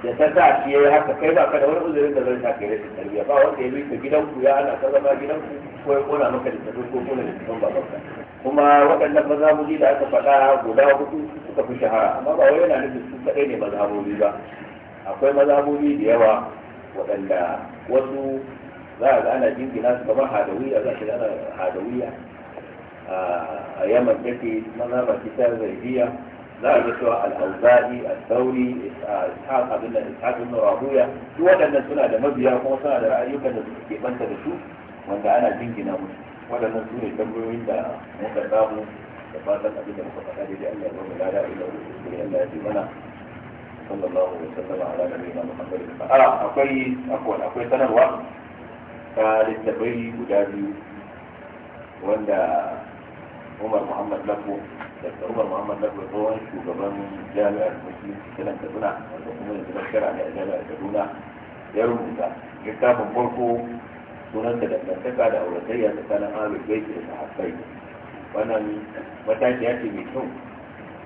da ta sa shi ya haka kai ba ka da wani uzurin da zai sa kai rashin tarbiya ba wanda ya bi ka gidanku ya ana ta zama gidanku ko ya kona maka littafin ko kona littafin ba kuma waɗannan mazhabobi da aka faɗa guda hudu suka fi shahara amma ba wai yana nufin su kaɗai ne mazhabobi ba akwai mazhabobi da yawa waɗanda wasu za a ga ana jingina su kamar hadawiya za ka gana hadawiya a yaman take mazhabar kitar zaidiya za a ga cewa al'auza'i al-sauri ishaq abin da ishaq ibn rahuya su waɗannan suna da mabiya kuma suna da ra'ayyukan da suke banta da su wanda ana jingina musu waɗannan su ne tambayoyin da muka samu da fatan abin da muka faɗa daidai Allah ya zama lada ila da Allah ya ji mana sallallahu alaihi wasallam ala nabiyina Muhammad a akwai akwai akwai sanarwa ta littafai guda biyu wanda Umar Muhammad Lafo da Umar Muhammad Lafo tsohon shugaban jami'ar Musulunci Kiran Kaduna wanda kuma yanzu na shara ne a jami'ar Kaduna ya rubuta littafin farko sunan da dangantaka da auratayya tsakanin ahlul baiti da sahabbai wannan matashiya ce mai kyau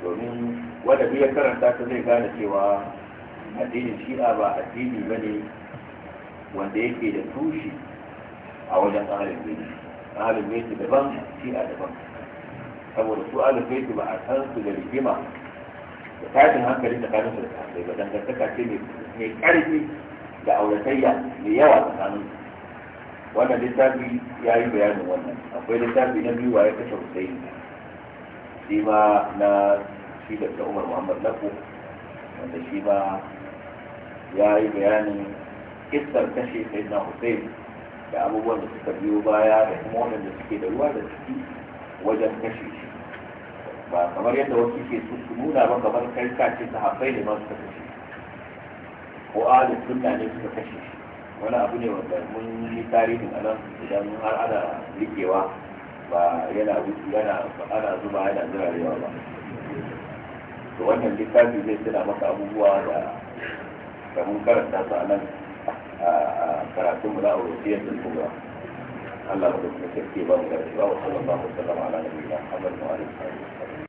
domin wanda ya karanta ta zai gane cewa addinin shi'a ba addini ba ne wanda yake da tushe a wajen ahalin baiti ahalin baiti daban shi'a daban saboda su ahalin baiti ba a san su da rigima da tashin hankali tsakanin su da sahabbai ba dangantaka ce mai ƙarfi da auratayya mai yawa tsakanin su wannan littafi ya yi bayanin wannan akwai littafi na biyu waye kashe hussein shi ma na shi da umar muhammad lafo wanda shi ma ya yi bayanin kistar kashe sai na hussein da abubuwan da suka biyo baya da kuma wanda suke da ruwa da ciki wajen kashe shi ba kamar yadda wasu ke su su nuna ba kamar kai ka ce sahabbai ne ma suka kashe ko ahalin sunna ne suka kashe shi wani abu ne wanda mun yi tarihin a nan idan har ana rikewa ba yana yana ana zuba yana zirarewa ba to wannan littafi zai tuna maka abubuwa da da mun karanta su a nan a karatun mu na yadda su ba Allah ba da kuma sarki ba mu da ba wa sallallahu alaihi wa sallam ala nabiyina Muhammad wa alihi wa